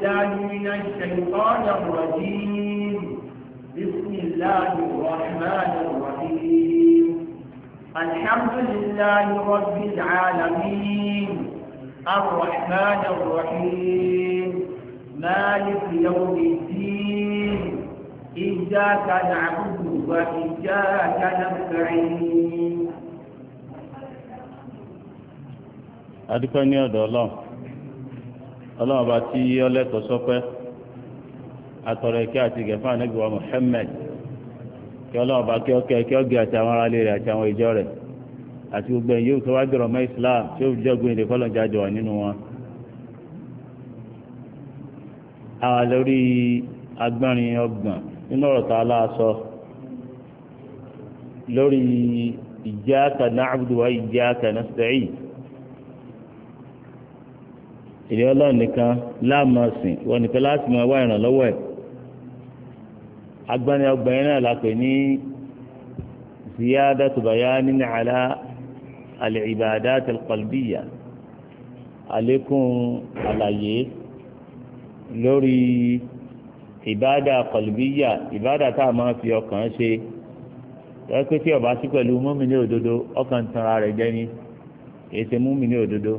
بالله من الشيطان الرجيم بسم الله الرحمن الرحيم الحمد لله رب العالمين الرحمن الرحيم مالك يوم الدين إياك نعبد وإياك نستعين adúpẹ́ ní ọ̀dọ̀ ọlọ́run ọlọ́run ọba tí ọlẹ́tọ̀ sọ́pẹ́ atọ̀rọ̀ ẹ̀kẹ́ àti gẹ̀fà nígbà Muhammad kí ọlọ́run ọba kí ọkẹ́ kí ọgẹ́ àti àwọn aráalé rẹ̀ àti àwọn ìjọ rẹ̀ àti gbogbo ẹ̀yìn yóò tó wá gbẹ̀rọ̀ mọ́ Islam tí ó wà nínú wọn. lórí ọgbọ̀n nínú ọ̀rọ̀ a lá sọ ìrẹ Ọlọ́run nìkan láàmọ̀sìn wọn nìkan láti máa wá ìrànlọ́wọ́ ẹ̀ agbani ọgbẹ̀yìn náà la pè ní ziyadatu bayanin ala al-ibadat al-qalbiyya àlékún àlàyé lórí ìbádà qalbiyya ìbádà tá a máa fi ọkàn ṣe ẹ pé tí ó sí pẹ̀lú mùmínì òdodo ọkàn tanra rẹ̀ jẹ́ ni èsè mùmínì òdodo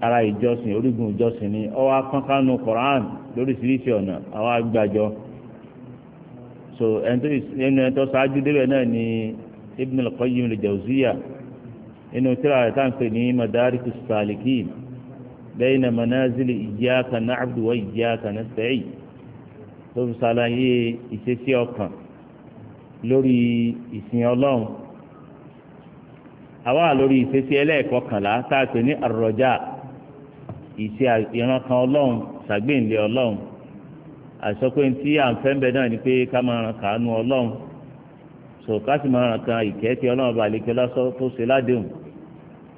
ara ìjọsìn orígun ìjọsìn ni ọwọ́ akọ́kánú Quran lóríṣiríṣi ọ̀nà àwọn agbájọ so ẹni tó ṣáájú débẹ̀ náà ni Ibn al-Qayyim al-Jawziyya inú tíra rẹ̀ táǹpé ní Madariku Salikin bayna manazili iyyaka na'budu wa iyyaka nasta'in tó fi ṣàlàyé ìṣesí ọkàn lórí ìsìn ọlọ́run àwa lórí ìṣesí ẹlẹ́ẹ̀kọkànlá táǹpé ní àròjà ìṣe ìran kan ọlọ́run ṣàgbéǹde ọlọ́run àṣọpé tí à ń fẹ́ ń bẹ náà ni pé ká máa ràn kàánú ọlọ́run sọ ká sì máa ràn kan ìkẹ́ tí ọlọ́run bá lè kẹ́ lọ́sọ́ tó ṣe ládéhùn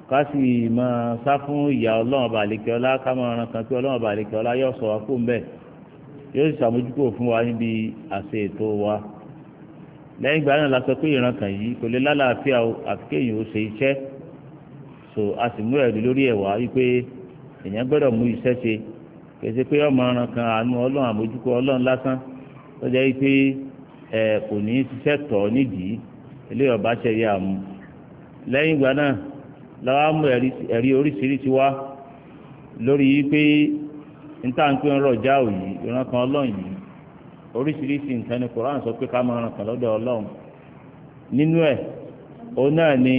ká sì máa sá fún ìyá ọlọ́run bá lè kẹ́ ọlá ká máa ràn kan pé ọlọ́run bá lè kẹ́ ọlá yóò sọ wá kó ń bẹ̀ yóò sì ṣàmójúkò fún wa níbi àṣẹ ètò wa lẹ́yìn ìgbà náà la sọ pé ìran kan yìí kò lè lálàáfíà àfikẹ́yìn ó ṣe iṣẹ́ so a sì mú ẹ̀rí lórí ẹ̀wà wípé èèyàn gbọ́dọ̀ mú iṣẹ́ ṣe kèsì pé ọmọ ọ̀ràn kan àánú ọlọ́run àmójúkọ ọlọ́run lásán tó jẹ́ pé ẹ kò ní ṣiṣẹ́ tọ̀ nídìí eléyìí ọba ṣe yá mu lẹ́yìn ìgbà náà làwọn mú ẹ̀rí oríṣiríṣi wá lórí yìí pé níta ń pè ń rọjá òyì ìran kan ọlọ́run yìí oríṣiríṣi nǹkan ni koran sọ pé ká máa ràn kàn lọ́dọ̀ ọlọ́run nínú ẹ̀ òun náà ni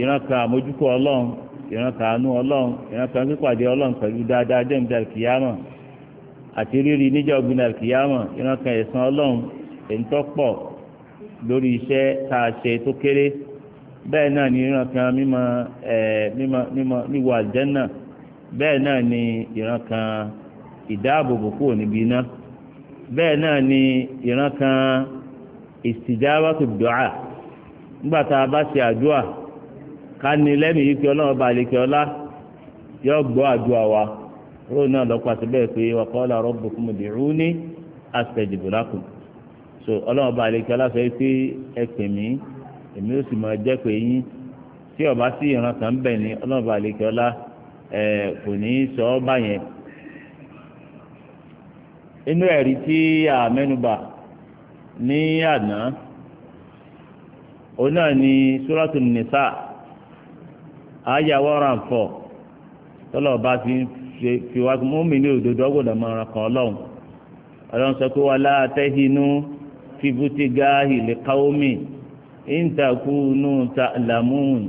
ìran kan àmójúkọ ọlọ́run ìrànkàánú ọlọ́run ìrànkàn pípàdé ọlọ́run pẹ̀lú dáadáa jẹ́ǹdà kìyàmọ̀ àti rírí níjà ògbìnà kìyàmọ̀ ìrànkàn ẹ̀sán ọlọ́run èntọ́ pọ̀ lórí iṣẹ́ tá a ṣe tó kéré bẹ́ẹ̀ náà ni ìrànkàn mímọ mímọ mímọ níwọ̀ àlùjánnà bẹ́ẹ̀ náà ni ìrànkàn ìdáàbòbò kúrò níbi iná bẹ́ẹ̀ náà ni ìrànkàn ìsìjáwá dùà nígbà tá a ká ní lẹ́mìí kí ọlọ́run bá lè kí ọlá yọ gbọ́ àdúrà wa róò náà lọ́pàá síbẹ̀ pé wa qala rabbukum ud'uni astajib lakum so ọlọ́run bá lè kí ọlá sọ pé ẹ pè mí èmi ó sì máa jẹ́ pé yín tí ọba sí ìran kan bẹ̀ ni ọlọ́run bá lè kí ọlá kò ní í sọ ọ́ báyẹn inú ẹ̀rí tí a ní àná òun náà ni àyà wọ́ọ̀rọ̀ àǹfọ̀ tọ́lọ́ọ̀bá fi fi wá mọ́mí ní òdodo ọgbọ́dọ̀ máa ràn kàn ọlọ́run ọlọ́run sọ pé wàlá àtẹ́hínú fìbútígá ìlẹ̀káwómì ìntàkùnú tàlámùn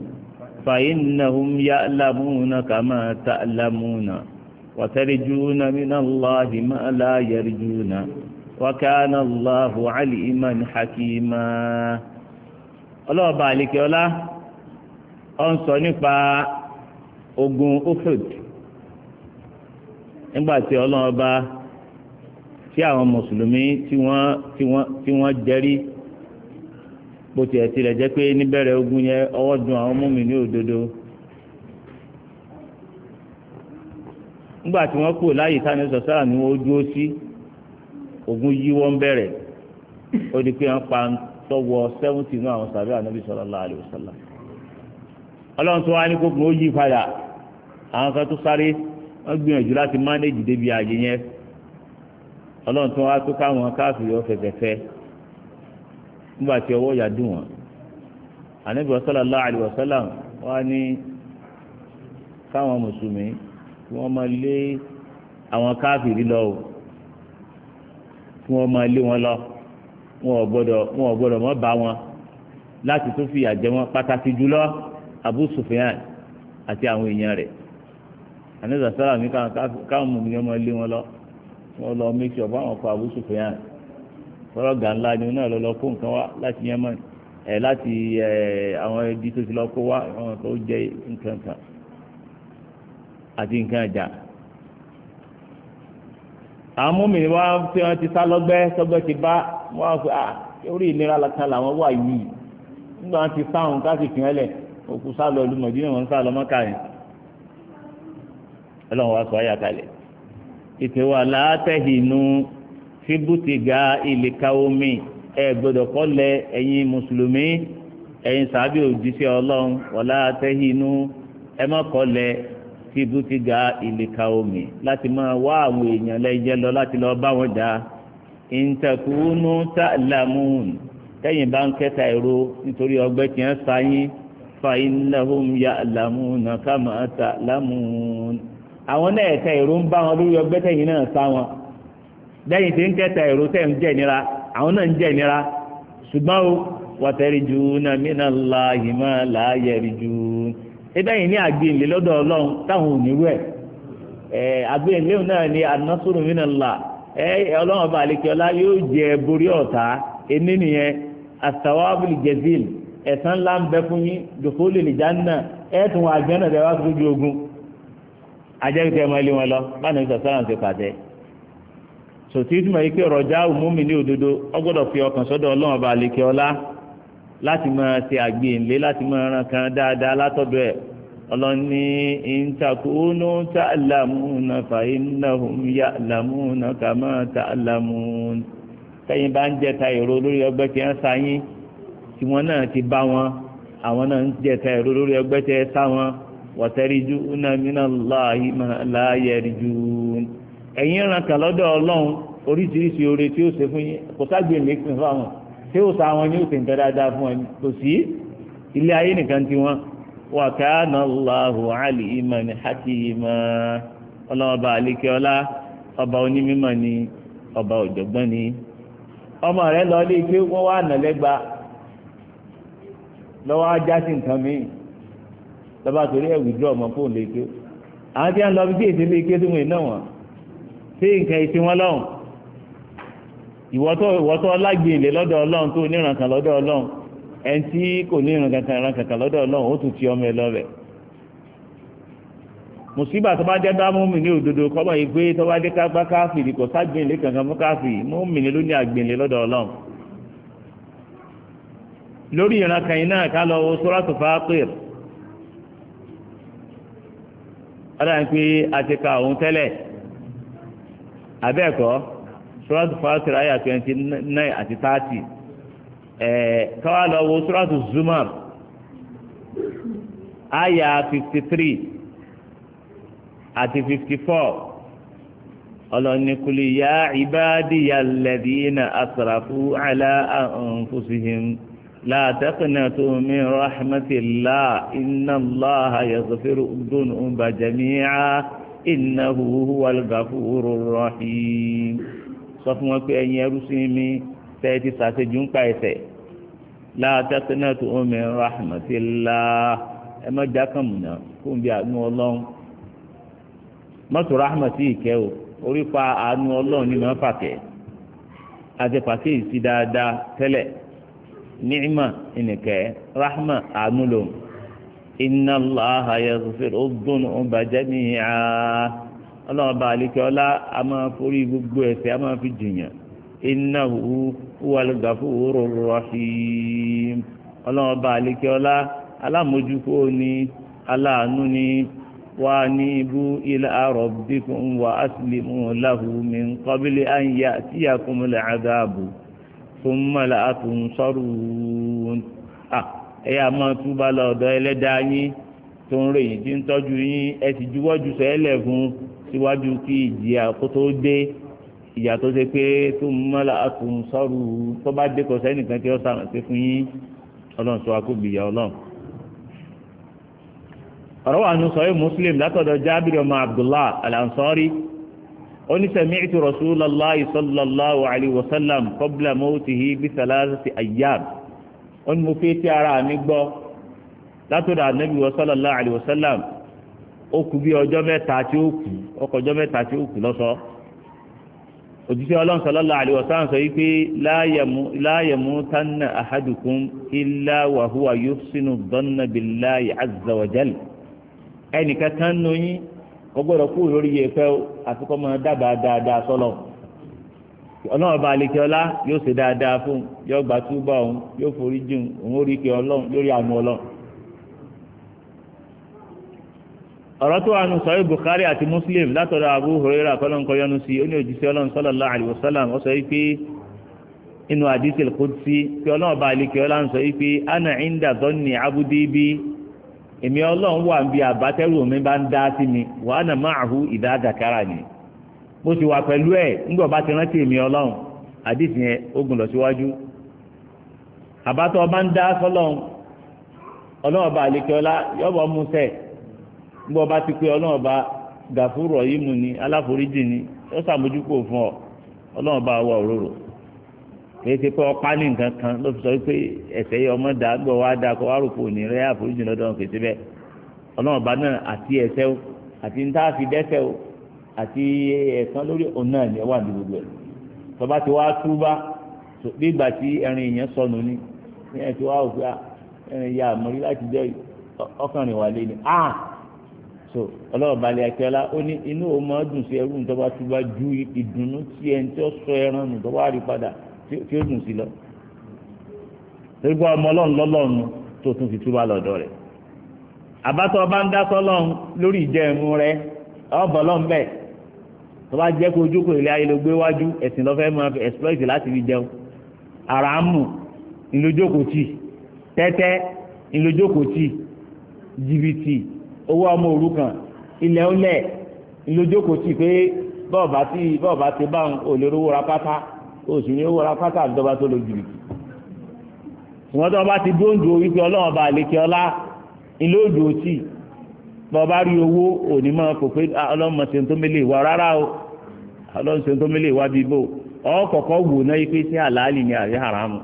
fàyínnàhùn yàlámùnà kàmá tàlámùnà wàtẹ́rìjúnà mínàláhì máa láyẹ̀rìjúnà wákàánàláhù alìmán hakímá ọlọ́ọ̀bá àlìkẹ́ ọlá. ó ń sọ nípa ogun Uhud nígbàtí tí ọba tí àwọn mùsùlùmí tí wọ́n tí jẹ́ pé níbẹ̀rẹ̀ ogun yẹn ọwọ́ dùn àwọn ní òdodo. nígbà tí wọ́n kúrò láyé ní sọ̀sọ́rà dúró ogun yí wọ́n bẹ̀rẹ̀ ó di pé wọ́n pa àwọn sàbẹ̀ ànábì ọlọ́run tó wá ní kókò ó yí padà àwọn kan tó sáré wọ́n gbìyànjú láti mánéjì débi ààyè yẹn ọlọ́run tó wá tó káwọn káàfìrí ọ̀fẹ̀fẹ̀fẹ̀ nígbà tí ọwọ́ ìyá dùn wọ́n ànábì sallallahu alaihi wasallam wá ní káwọn mùsùlùmí kí wọ́n máa lé àwọn káàfìrí lọ o kí wọ́n máa lé wọn lọ wọn ò gbọ́dọ̀ wọn ò gbọ́dọ̀ mọ́ bá wọn láti tó fi àjẹmọ́ pàtàkì jùlọ abu sufiyan àti àwọn èèyàn rẹ̀ anisa sara mi káwọn mọ̀mí ọmọ ilé wọn lọ wọn lọ méjì ọ̀bá àwọn ọkọ̀ abu sufiyan tọ́lọ̀ gànlá ni wọn náà lọ lọ kó nǹkan wá láti yẹmọ ẹ láti ẹ àwọn ibi tó ti lọ kó wá àwọn tó jẹ nǹkan kan àti nǹkan ẹja àwọn mọ̀mí wa fi wọn ti sá lọ́gbẹ́ sọ́gbẹ́ ti bá wọn fi ah, orí ìlera kan làwọn wà yìí nígbà wọn ti sáwọn ká sì fi wọn lẹ̀ òkú sálọ ìlú mọ̀dínà wọn sálọ mọ́kà yẹn ọlọ́run wa sọ ayé àkàlẹ̀ ìpèwà látẹ̀hìnú fíbùtìgà ìlẹ̀ka omi ẹ̀ gbọ́dọ̀ kọ́lẹ̀ ẹ̀yin mùsùlùmí ẹ̀yin sàbí òjíṣẹ́ ọlọ́run wọ̀lá tẹ̀hìnú ẹ má kọ́lẹ̀ fíbùtìgà ìlẹ̀ka omi láti máa wá àwọn èèyàn lẹ́jẹ́ lọ láti lọ bá wọn dá ìǹtẹ̀kùnú tàlámùn tẹ̀yìn bá ń kẹta èrò nítorí ọgbẹ́ tí wọ́n فإنهم يعلمون كما تعلمون àwọn náà ẹ̀ka èrò ń bá wọn lórí ọgbẹ́ tẹ̀yìn náà sá wọn lẹ́yìn tí ń kẹta èrò tẹ̀ ń jẹ́ nira àwọn náà ń jẹ́ nira ṣùgbọ́n o watarijuna minallahi ma la yarjun ebe yìí ní àgbéyìnlé lọ́dọ̀ ọlọ́run táwọn ò nírú ẹ̀ ẹ̀ náà ni an-nasru minallah ọlọ́run ọba àlekẹ́ọ́lá yóò jẹ borí ọ̀tá ẹni nìyẹn ẹ̀san ńlá ń bẹ fún yín dòkó lè lè já náà ẹ̀ tún wọn àgbẹ̀ náà tẹ̀wá sójú ogun ajẹ́kẹ́tẹ́ ẹ̀ máa lé wọn lọ báyìí ní sọ̀tàn ti pàtẹ́ sòtí túmọ̀ yìí pé rọ̀já òmùmí ní òdodo ọgbọ́dọ̀ fi ọkàn sọ́dọ̀ ọlọ́run ọba àlekè ọlá láti máa ṣe àgbéyìnlé láti máa ran kan dáadáa látọ̀dọ̀ ẹ̀ ọlọ́ni ìntàkùnú tààlàmúnà fàyínàhùn yàlàmúnà kàmá tààlàmún kẹ́yìn bá ń jẹta èrò lórí ọgbẹ́ kí wọ́n sáyìn tí wọn náà ti bá wọn àwọn náà ń jẹta ẹ̀rọ lórí ẹgbẹ́ tẹ sá wọn wọ̀tẹ́rìjú nàmínà láàyè láàyè rìjú. ẹ̀yin ràn lọ́dọ̀ ọlọ́run oríṣiríṣi oore tí ó ṣe fún yín kò ságbè mẹ́kùn tí ó sa àwọn ní òsè nǹkan dáadáa fún ẹni kò sí ilé ayé nìkan wọn. ọlọ́ọ̀bà ọba onímọ̀ ọba ọmọ rẹ lọ lé wà lọ́wọ́ ajá sí nǹkan míì lọ́ba torí ẹ̀ wìdúrọ̀ ọmọ fóun lè ké àwọn tí wọ́n lọ bí èsì lè ké tí wọ́n iná wọn sí nǹkan ìsìn wọn lọ́hùn ìwọ́tọ́ lágbèlè lọ́dọ̀ ọlọ́run tó níran kan lọ́dọ̀ ọlọ́run ẹni tí kò níran kankan ran kankan lọ́dọ̀ ọlọ́run ó tún ti ọmọ ẹ lọ́rẹ̀ mùsíbà tó bá dé bá múmi ní òdodo kọ́mọ yìí pé tó bá dé ká bá káfìrí kò kankan mú káfìrí múmi ní ló ní lọ́dọ̀ ọlọ́run lórí ìran kan iná ká lọ wo sóràtò fàákìr ọ̀dà ń pè àti ka òun tẹ́lẹ̀ abẹ́ẹ̀kọ́ sóràtò fàákìr àyà twenty nine àti thirty ẹ̀ẹ́ káwá lọ wo sóràtò zumar àyà fifty three àti fifty four ọlọ́nìkùlì yá ìbádìyà lẹ́dí iná asrafu àlà anfusihim. لا تقنطوا من رحمة الله إن الله يغفر الذنوب جميعا إنه هو الغفور الرحيم sọ fún wọn pé ẹ̀yin ẹrú sí mi tẹ́ ẹ ti ṣàṣejù ń pa ẹ̀ṣẹ̀ لا تقنطوا من رحمة الله ẹ má jákàn múná kó n bí àánú ọlọ́run mọ́tò rahmati ìkẹ́ o orí pa àánú ọlọ́run ní mọ́ fàkẹ́ àti pàkíyèsí dáadáa tẹ́lẹ̀ ni'ima ìnìkẹ́ rahma àánú lòun inna allaha yaghfiru dhunuba jami'a ọlọ́run bá alikẹ́ ọlá a máa forí gbogbo ẹ̀ṣẹ̀ a máa fi jìyàn innahu huwal ghafurur rahim ọlọ́run bá alikẹ́ ọlá alámójúkó ni aláàánú ni wà ní ibú ila rabbikum wa aslimu lahu min qabli an ya'tiyakumul adhabu thumma la tunsarun ẹ yà máa túbà lọ ọ̀dọ̀ ẹlẹ́dàá yín tó ń ròyìn tí ń tọ́jú yín ẹ sì juwọ́jú sẹ́lẹ̀ fún síwájú kí ìjìyà kó tó dé ìyà tó ṣe pé thumma la tunsarun tó bá dé kọ sẹ́nìkan tí ó sàrán sí fún yín ọlọ́run sọ akóbi ìyá ọlọ́run. ọ̀rọ̀ wà nù sọ́yìn Muslim látọ̀dọ̀ Jábìrì ọmọ Abdullah al-Ansari oni sami'tu rasulallahi sallallahu alayhi wa sallam qabla mawtihi bi thalathati ayyam oni mo fi ti ara mi gbọ́ látọ̀dọ̀ anabi wa sallallahu alayhi wa sallam ó kù bí ọjọ́ mẹ́ta tí ó kù ọkọ̀ ọjọ́ mẹ́ta tí ó kù lọ́sọ òjíṣẹ́ ọlọ́run sallallahu alayhi wa sallam sọ wípé la yamutanna ahadukum illa wa huwa yuhsinu dhanna billahi azza wa jal ẹnìkan kan nù kò gbọ́dọ̀ kú lórí yẹ fẹ́ àti kọ́ máa dábàá dáadáa sọ́lọ̀ ọlọ́run ọba alẹ́ ọlá yóò ṣe dáadáa fún yóò gbà túbọ̀ òun yóò forí jìn òun rí ọlọ́run lórí àánú ọlọ́run. ọ̀rọ̀ tó wà nù àti Muslim látọ̀dọ̀ Abu yọnu sí ó ní sọ inú kí ọlọ́run sọ ana èmi ọlọ́run wà bí àbátẹ́rù mi bá ń dá sí mi wàá nà máa àhú ìdá àdàkárà ni mo sì wà pẹ̀lú ẹ̀ ńgbà bá ti rántí èmi ọlọ́run àdìsí yẹn ogun lọ síwájú àbátọ́ ọba ń dá ọlọ́run yọ̀bọ̀ musẹ̀ ọba ti pé ọlọ́run yìí mu ni aláforíjì ọ ọlọ́run ọba wà kìí ṣe pé ọpá ní nǹkan kan ló fi sọ pé ẹ̀ṣẹ̀ yìí ọmọ dà gbọ́ wá dà kó wá rò pò ní rẹ àforíjì lọ́dọ̀ kìí ṣe bẹ́ẹ̀ ọlọ́run ọba náà àti ẹ̀ṣẹ̀ o àti ń fi dẹ́ṣẹ̀ o àti ẹ̀san lórí òun náà ni ẹ wà ní gbogbo ẹ̀ tọba ti wá túbá bí ìgbà tí ẹrin èèyàn sọnù ni ẹ̀yìn tí wá òfin ah, ẹrin ìyá àmọ́rí láti jẹ́ ọkànrin wà lé ni a ah! so ọlọ́run balẹ̀ akẹ́lá ó ní inú òun máa dùn sí ẹrú ní tọba túbá ju ìdùnnú tí ẹni tí tí ó dùn sí lọ ọmọ ọlọ́run lọ́lọ́run tó tún fi túbà lọ́dọ̀ rẹ̀ àbátọ̀ bá ń dá sọ́lọ́run lórí ìjẹun rẹ ọ̀bọ̀ lọ́n bẹ́ẹ̀ tó bá jẹ́ kó ojú kò ilé ayé ló gbé wájú láti fi jẹun ara ń tẹ́tẹ́ ńlójókòtì jìbìtì owó ọmọ òrukàn ilẹ̀ ọlẹ̀ ńlójókòtì pé bọ́ọ̀bá ti oṣù ni ó wọra pátá àdọ́ba tó lo jìbìtì ṣùgbọ́n tó bá ti wípé ọlọ́run ọba àlekè ọlá ilé òjò ọba rí owó òní máa kò pé ah, ọlọ́run ṣe tó mélé rárá o ọlọ́run ṣe tó mélé bí bò wò ni haramu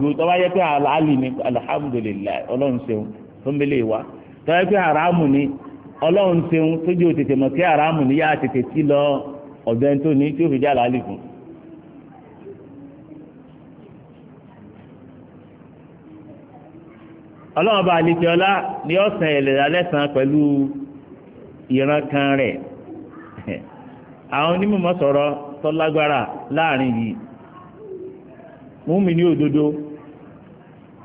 ju tó bá yẹ pé àlàálì alhamdulilayi ọlọ́run ṣe tó mélé wa tó ni ọlọ́run ṣe mọ̀ haramu yá lọ ọlọ́run bá àlejò ni ó san ẹ̀lẹ́dà lẹ́sàn pẹ̀lú ìran kan rẹ̀ àwọn onímọ̀ sọ̀rọ̀ tó lágbára láàrin yìí múmi ní òdodo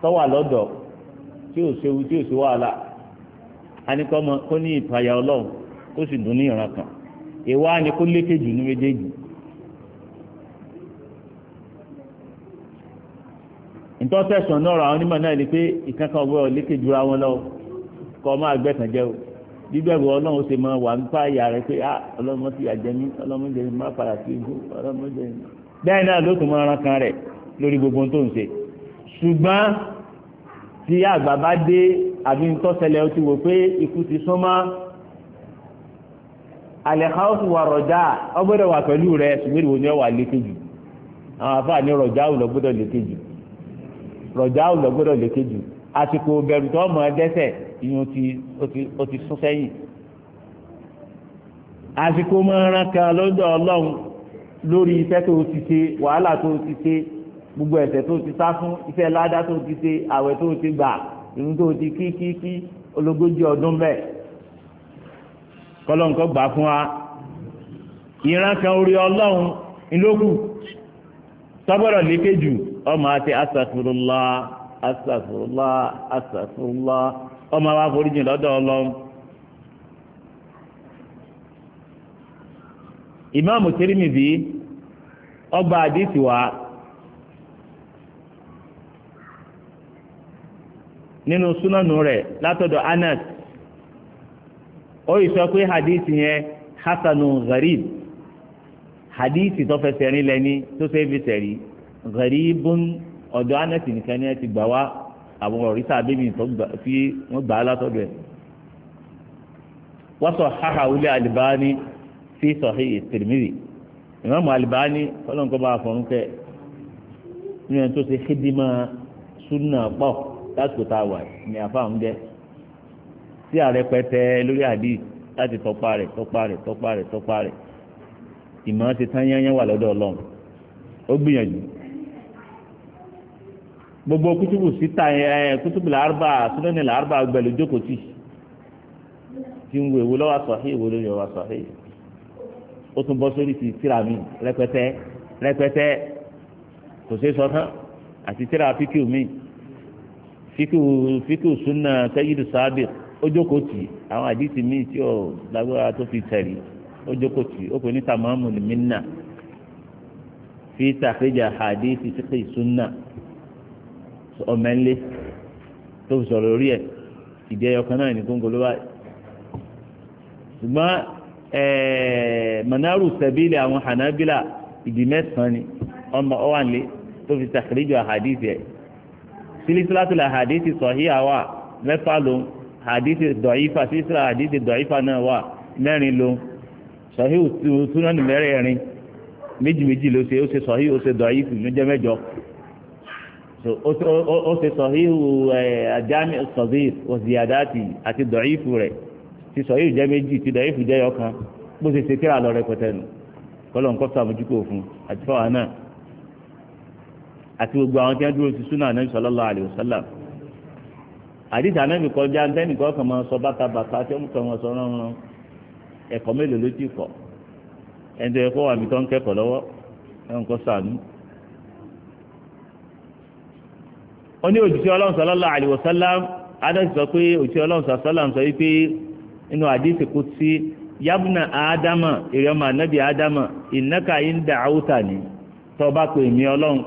tó wà lọ́dọ̀ tí ò séwu tí ò sí wàhálà anikọ́mọ kó ní ìpayà ọlọ́run kó sì dùn ní ìran kan ìwà ni kó lékejì ní méjèèjì ntọ́ tẹ̀sán náà rà àwọn onímọ̀ náà lè pé ìkankan ọ̀gbẹ́ ọ̀lékè jura wọn lọ kọ́ máa gbẹ̀tàn jẹ́ o bíbẹ̀rù ọlọ́run ṣe máa wà nípa ìyá rẹ pé ah ọlọ́run ti àjẹ mí ọlọ́run jẹ mí má padà sí ibú ọlọ́run jẹ mí. bẹ́ẹ̀ náà ló tún máa ran kan rẹ̀ lórí gbogbo tó ń ṣe ṣùgbọ́n tí àgbà bá dé àbí ntọ́sẹ̀lẹ̀ ó ti wò pé ikú ti súnmọ́ alẹ́kàwọ́sì wà rọ̀jà ọgbọ́dọ̀ wà pẹ̀lú rẹ̀ ṣùgbọ́n ìwò ni ọ wà lékejì àwọn àfáà ní rọ̀jà ò lọ lékejì rọ̀jà ò lọ gbọ́dọ̀ lékè jù àsìkò bẹ̀rù tó mọ̀ ẹ́ dẹ́sẹ̀ ìyẹn ó ti sún sẹ́yìn àsìkò mọ̀ọ́rán kan lọ́dọ̀ ọlọ́run lórí iṣẹ́ tó ti ṣe wàhálà tó ti ṣe gbogbo ẹ̀ṣẹ̀ tó ti sá fún iṣẹ́ ládá tó ti ṣe àwẹ̀ tó ti gbà ìrun tó ti kí kí kí ológójì ọdún bẹ́ẹ̀ kọ́lọ́nkọ́ gbà fún wa ìran kan orí ọlọ́run ìlókù tọ́gbọ́dọ̀ lékè ọmọ àti asàfurulá asàfurulá asàfurulá ọmọ wa foríjì lọ́dọ̀ ọlọ́run. ìmáàmù Tirmidhi ọgbà àdìsí wa nínú súnánù rẹ̀ látọ̀dọ̀ Anas ó sọ pé yẹn hasanu gharib hadith tó fẹsẹ̀ rin lẹ́ni tó ṣe fi gharibun ọ̀dọ̀ anẹ́sì nìkan ni ẹ ti gbà wá àwọn ọ̀rísà abébì tí wọ́n gbà á látọ̀dọ̀ ẹ̀ wọ́n sọ haha wulẹ̀ alibani fi sahih Tirmidhi ìmáàmù alibani ọlọ́nkọ́ bá fọ̀rún kẹ́ nínú ẹni tó ṣe xidima sunna pọ̀ lásìkò tá a wà ní àfáàmù jẹ́ sí ààrẹ pẹtẹ lórí àdí láti tọpa rẹ̀ tọpa rẹ̀ tọpa rẹ̀ tọpa rẹ̀ ìmọ̀ ti tán yányán wà lọ́dọ̀ ọlọ́run ó gbìyànjú gbogbo kútùbù síta ẹ kútùbù làárùbá súnẹ́nì làárùbá gbẹ̀lú jókòó tì tí ń wo èwo lọ́wọ́ sọ̀hí èwo lórí ọwọ́ sọ̀hí ó tún bọ́ sórí ti tíra mi rẹpẹtẹ rẹpẹtẹ kò ṣeé sọ tán àti tíra fíkìú mi fíkìú fíkìú súnà tẹ́yìdù sábẹ̀ ó jókòó tì àwọn àdìsí mi tí ò lágbára tó fi tẹ̀lé ó jókòó tì ó ní tamamu minna fi tàkéjà àdìsí síkì súnà ọmọ ẹ̀ńlé tó fi sọ̀rọ̀ orí ẹ̀ ìdí ẹyọ kan náà ní kóńgò ló wáyé ṣùgbọ́n eh, manaru sẹ́bílì àwọn hanabila ìdí mẹ́sàn-án ni ọmọ ọ̀wánlé tó fi tàkìrìjọ àhàdìsì ẹ̀ sílísílátìlà àhàdìsì sọ̀híà wà mẹ́fà ló ń àhàdìsì dọ̀ífà sílísílà àhàdìsì dọ̀ífà náà wà mẹ́rin ló ń sọ̀híù túnú mẹ́rẹ̀ẹ̀rin méjì méjì ló ṣe ó ṣe sọ̀híù ó ṣe dọ̀ífì ló jẹ́ mẹ́jọ ó ṣe sọ̀híhù àjámi sọ̀bíf òsìyàdáàtì àti dọ̀ífù rẹ̀ ti sọ̀híhù jẹ́ méjì ti dọ̀ífù jẹ́ ọ̀kan bó ṣe ṣe tíra lọ rẹpẹtẹ nù kọ́lọ̀ nǹkan sàmójúkò fún àti fáwọn náà àti gbogbo àwọn tí wọ́n dúró ti súnà Ànábì sallallahu alaihi wasallam àdìsá náà mi kọjá ntẹ́nìkan kan máa sọ bàtà bàtà tí wọ́n kàn wọ́n sọ rán ẹ̀kọ́ mélòó ló ti kọ́ ẹni tó yẹ kó wà mí tó ń kẹ́kọ̀ọ́ lọ́wọ́ ẹ̀ ń kọ́ ó ní òjíṣẹ́ ọlọ́run sallallahu alaihi wasallam sọ pé òjíṣẹ́ ọlọ́run sọlọ́lá inú yabna ádámà ìrẹ́mà nábì ádámà ìnáka ìndà áwùtà ni tó bá pè mí ọlọ́run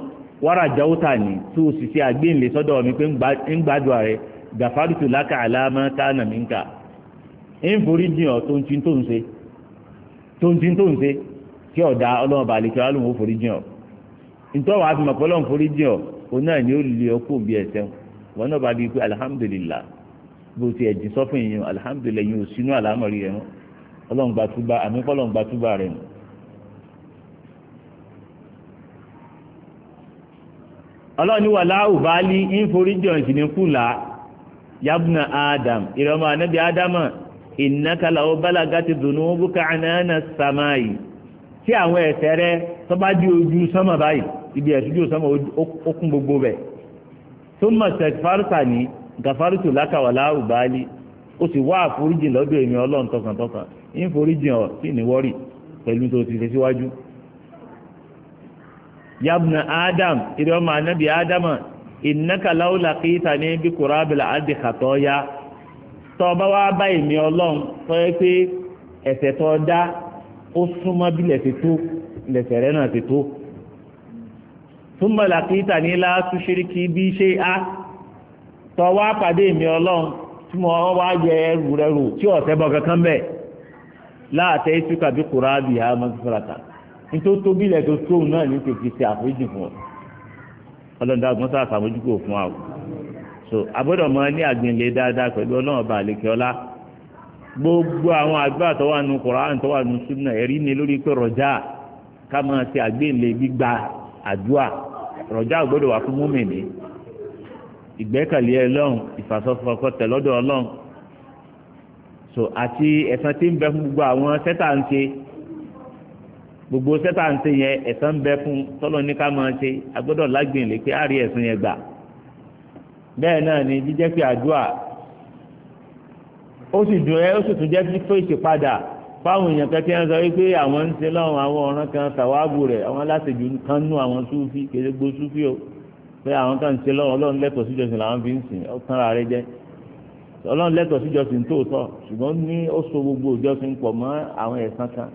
wàrà jáwùtà ni tó sì ṣe àgbéǹlé sọ́dọ̀ mi pé ń rẹ̀ àlámà ń forí jìn ọ́ tó ń ṣe òun náà ni ó lè ọkọ bí ẹsẹ̀ wọn náà bá di pé alihamudulilayi bó ti ẹ̀jìn sọ́fún yìnyín alihamudulilayi yìnyín ò sínú àlámọ̀rí ẹ̀ wọn ọlọ́ngbà túbà àmì kọ́lọ́ngbà túbà rẹ̀ nù. ọlọ́ni wà láàwù bá lí ìforíjọ ìsìnkúlà yabna adam ìrọmọ anábì adama ìnákàlà ó bálaga ti dùnú bùkà ànáàna sàmáyì tí àwọn ẹ̀ṣẹ̀ rẹ̀ tó di ojú sánmà báyìí ibi ẹ̀ṣújú sọ́mọ̀ okùn gbogbo bẹ̀ tó mọ̀ sẹ̀fárùtà ní gàfárùtù lákàwàlá àrùbáálí ó sì wá àforíjì lọ́dọ̀ èmi ọlọ́run tọkàntọkàn ń foríjì ọ̀ sí ní wọ́rì pẹ̀lú tó ti ṣe yabna adam ìrẹ́ ọmọ anábì adama ìnáka láwùlà kìíta ní bí kùrábìlà àdì kàtọ́ ya tọ́ ọba wá bá èmi ọlọ́run tọ́ yẹ pé ẹ̀ṣẹ̀ tọ́ da ó súnmọ́ bí lẹ̀ṣẹ̀ tó lẹ̀ṣẹ̀ rẹ̀ náà ti tó túnbọ̀ làkìtà ní láàtú ṣíríkì bí ṣe á tọ́ wá pàdé mi ọlọ́run tí mo wá yẹ ẹrù rẹ rò tí ọ̀sẹ̀ bọ̀ kankan bẹ̀ láàtẹ̀ ìtúkà bí kura bí ha máa ń fúrata nítorí tóbi ilẹ̀ tó tóun náà ní kò ṣe àforíjì fún ọ ọlọ́dún àgbọn sáà sàmójúkò fún wa so àbọ̀dọ̀ mọ ní àgbìnlẹ̀ dáadáa pẹ̀lú ọlọ́run ọba àlekè ọlá gbogbo àwọn àgbà tó wà nù Kùránì tó wà nù súnà ẹ̀rí ni lórí pé rọjá ká máa ṣe àgbìnlẹ̀ gbígba àdúrà rọ̀já ògbọ́dọ̀ wà fún múmìnì ìgbẹ́kẹ̀lé Ọlọ́run ìfàsọ́fọ́kọ́ tẹ̀ lọ́dọ̀ Ọlọ́run so àti ẹ̀san tí ń bẹ fún gbogbo àwọn sẹ́tà ń ṣe gbogbo sẹ́tà ń ṣe yẹn ẹ̀san ń bẹ fún tọ́lọ́ ní ká máa ṣe agbọ́dọ̀ lágbìnlẹ̀ pé á rí ẹ̀san yẹn gbà bẹ́ẹ̀ náà ni jíjẹ́ pé àdúrà ó sì dùn ẹ́ ó sì tún jẹ́ fífó ìṣèpadà fáwọn èèyàn kan tí wọ́n sọ wípé àwọn ń ṣe lọ́wọ́ àwọn ọ̀ràn kan sàwáàbù rẹ̀ àwọn aláṣejù kan nú àwọn súfì kéde gbó o pé àwọn kan ń ṣe lọ́wọ́ ọlọ́run lẹ́tọ̀ọ́ síjọsìn làwọn fi ń sìn ọ̀tán ara rẹ jẹ́ ọlọ́run lẹ́tọ̀ọ́ síjọsìn tóòtọ́ ṣùgbọ́n ní ó so gbogbo ìjọsìn pọ̀ mọ́ àwọn ẹ̀sán kan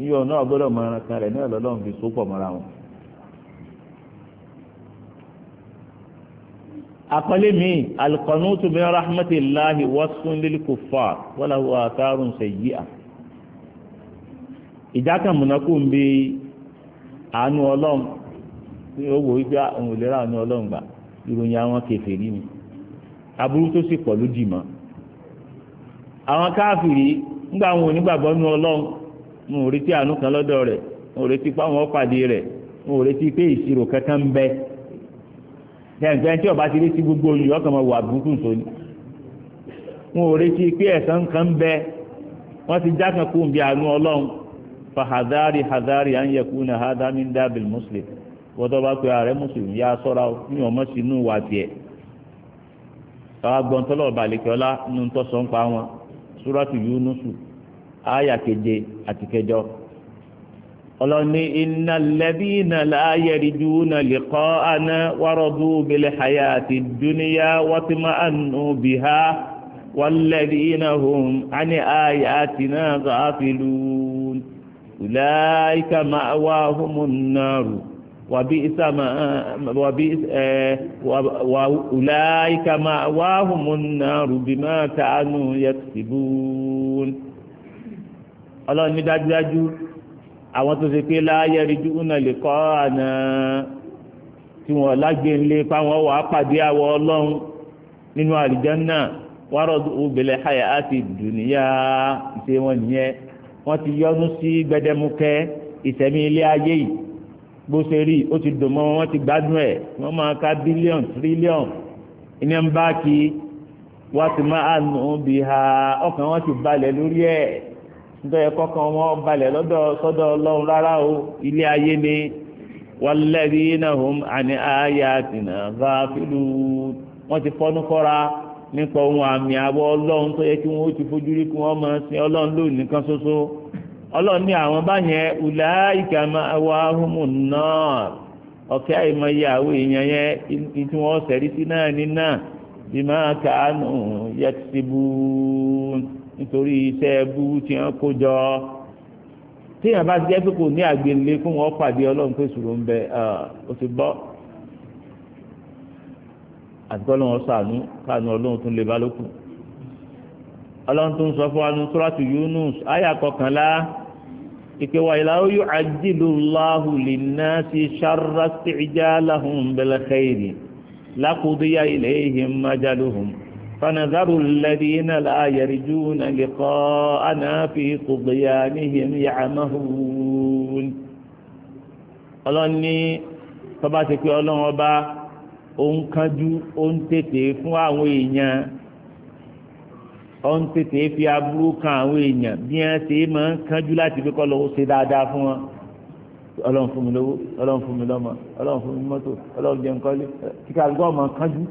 iye ọ̀nà ọ̀gbọ́dọ̀ mọ ara kan rẹ̀ náà lọ́lọ́run fi so pọ̀ ìjákàn ń bi àánú ọlọ́run tí ó wò wípé ah, òun ò lè ra àánú ọlọ́run gbà ìròyìn àwọn kèfèrí ni aburú tó sì pọ̀ lójì ma. mọ́ àwọn káfìrí ńgbà wọn ò nígbàgbọ́ nú ọlọ́run wọn ò retí àánú kan lọ́dọ̀ rẹ̀ wọn ò retí pé àwọn rẹ̀ wọn tí gbogbo olùyọ́ máa wọn ò retí pé kan ń bẹ ti já àánú fahadari hadari an yakuna hadha min dabil muslim wọ́tọ́ bá pe ààrẹ mùsùlùmí yá sọ́ra ní ọmọ sínú wà tiẹ̀ káwá gbọ́n tọ́lọ̀ balẹ̀kẹ́ ọlá nínú tọ́sọ̀ ń pa wọn súrọ́tù yúnúsù áyà keje àti kẹjọ. ọlọ́ni iná lẹ́bí iná láàyè ríjú iná lè kọ́ wárọ́dú bẹ̀lẹ̀ àyà àti dúníyà wọ́tímà ànú bì ha wọ́n lẹ́bí iná hùm á ní àyà àti ulaika ma'wahumun naru wa bi'sa wa bi eh, wa ulaika ma'wahumun naru bima kanu yaktibun ọlọ́run ní dájúdájú àwọn tó ṣe pé láàyè ríjú náà lè kọ́ àná tí wọ́n lágbèǹlé fáwọn wà pàdé àwọ̀ ọlọ́run nínú àlìjánná wàá rọ̀ ó bẹ̀lẹ̀ háyà á ti dùn níyà ìṣe wọn nìyẹn wọ́n ti yọnu sí gbẹdẹmukẹ ìsẹ̀mí ilé ayé yìí bó ṣe rí ó ti dùn mọ́ wọ́n ti gbádùn ẹ̀ wọ́n máa ka bílíọ̀n tírílíọ̀n iná ń bá kí wọ́n ti máa nù bí ha ọkàn wọn ti balẹ̀ lórí ẹ̀ nítorí kọ́kàn wọn balẹ̀ lọ́dọ̀ sọ́dọ̀ ọlọ́run rárá o ilé ayé ni walladhina hum àní ayatina ghafilun wọ́n ti fọ́nú kọ́ra nípa ohun àmì àwọ ọlọ́run tó yẹ kí wọ́n ti fojú rí kí wọ́n máa sin ọlọ́run lónìí nìkan ṣoṣo ọlọ́run ní àwọn báyẹn ùlà ìkàmà wa hùmù náà ọ̀kẹ́ àìmọye àwọn èèyàn yẹn tí wọ́n sẹ̀rí sí náà ní náà bí máa kàánù yẹ ti ti bú nítorí iṣẹ́ bú tí wọ́n kó jọ téèyàn bá ti jẹ́ pé kò ní àgbélé fún wọn pàdé ọlọ́run pé sùúrù ń bẹ ó ti bọ́ àti kọ́ lọ́wọ́ sànú káàánú ọlọ́run tún lè bá lókù ọlọ́run tún sọ fún wa nínú sọ́ràtù Yunus àyà kọkànlá ìpè wa ìlà ó yóò àjìlú lè ná sí sharra ìjà láhùn bil khairi lákùdíyà ilayhim majaluhum فنذر الذين لا يرجون لقاءنا في طغيانهم يعمهون ọlọ́run ní tọ́ba ti pé ọlọ́run ọba ó ń kánjú ó ń tètè fún àwọn èèyàn ó ń tètè fi aburú kan àwọn èèyàn bí wọ́n ṣe máa ń kánjú láti fi kọ́ lọ́wọ́ ṣe dáadáa fún wọn ọlọ́run fún mi lówó ọlọ́run fún mi lọ́mọ ọlọ́run fún mi mọ́tò ọlọ́run jẹun kọ́lé kíkà lùgbọ́n ọmọ kánjú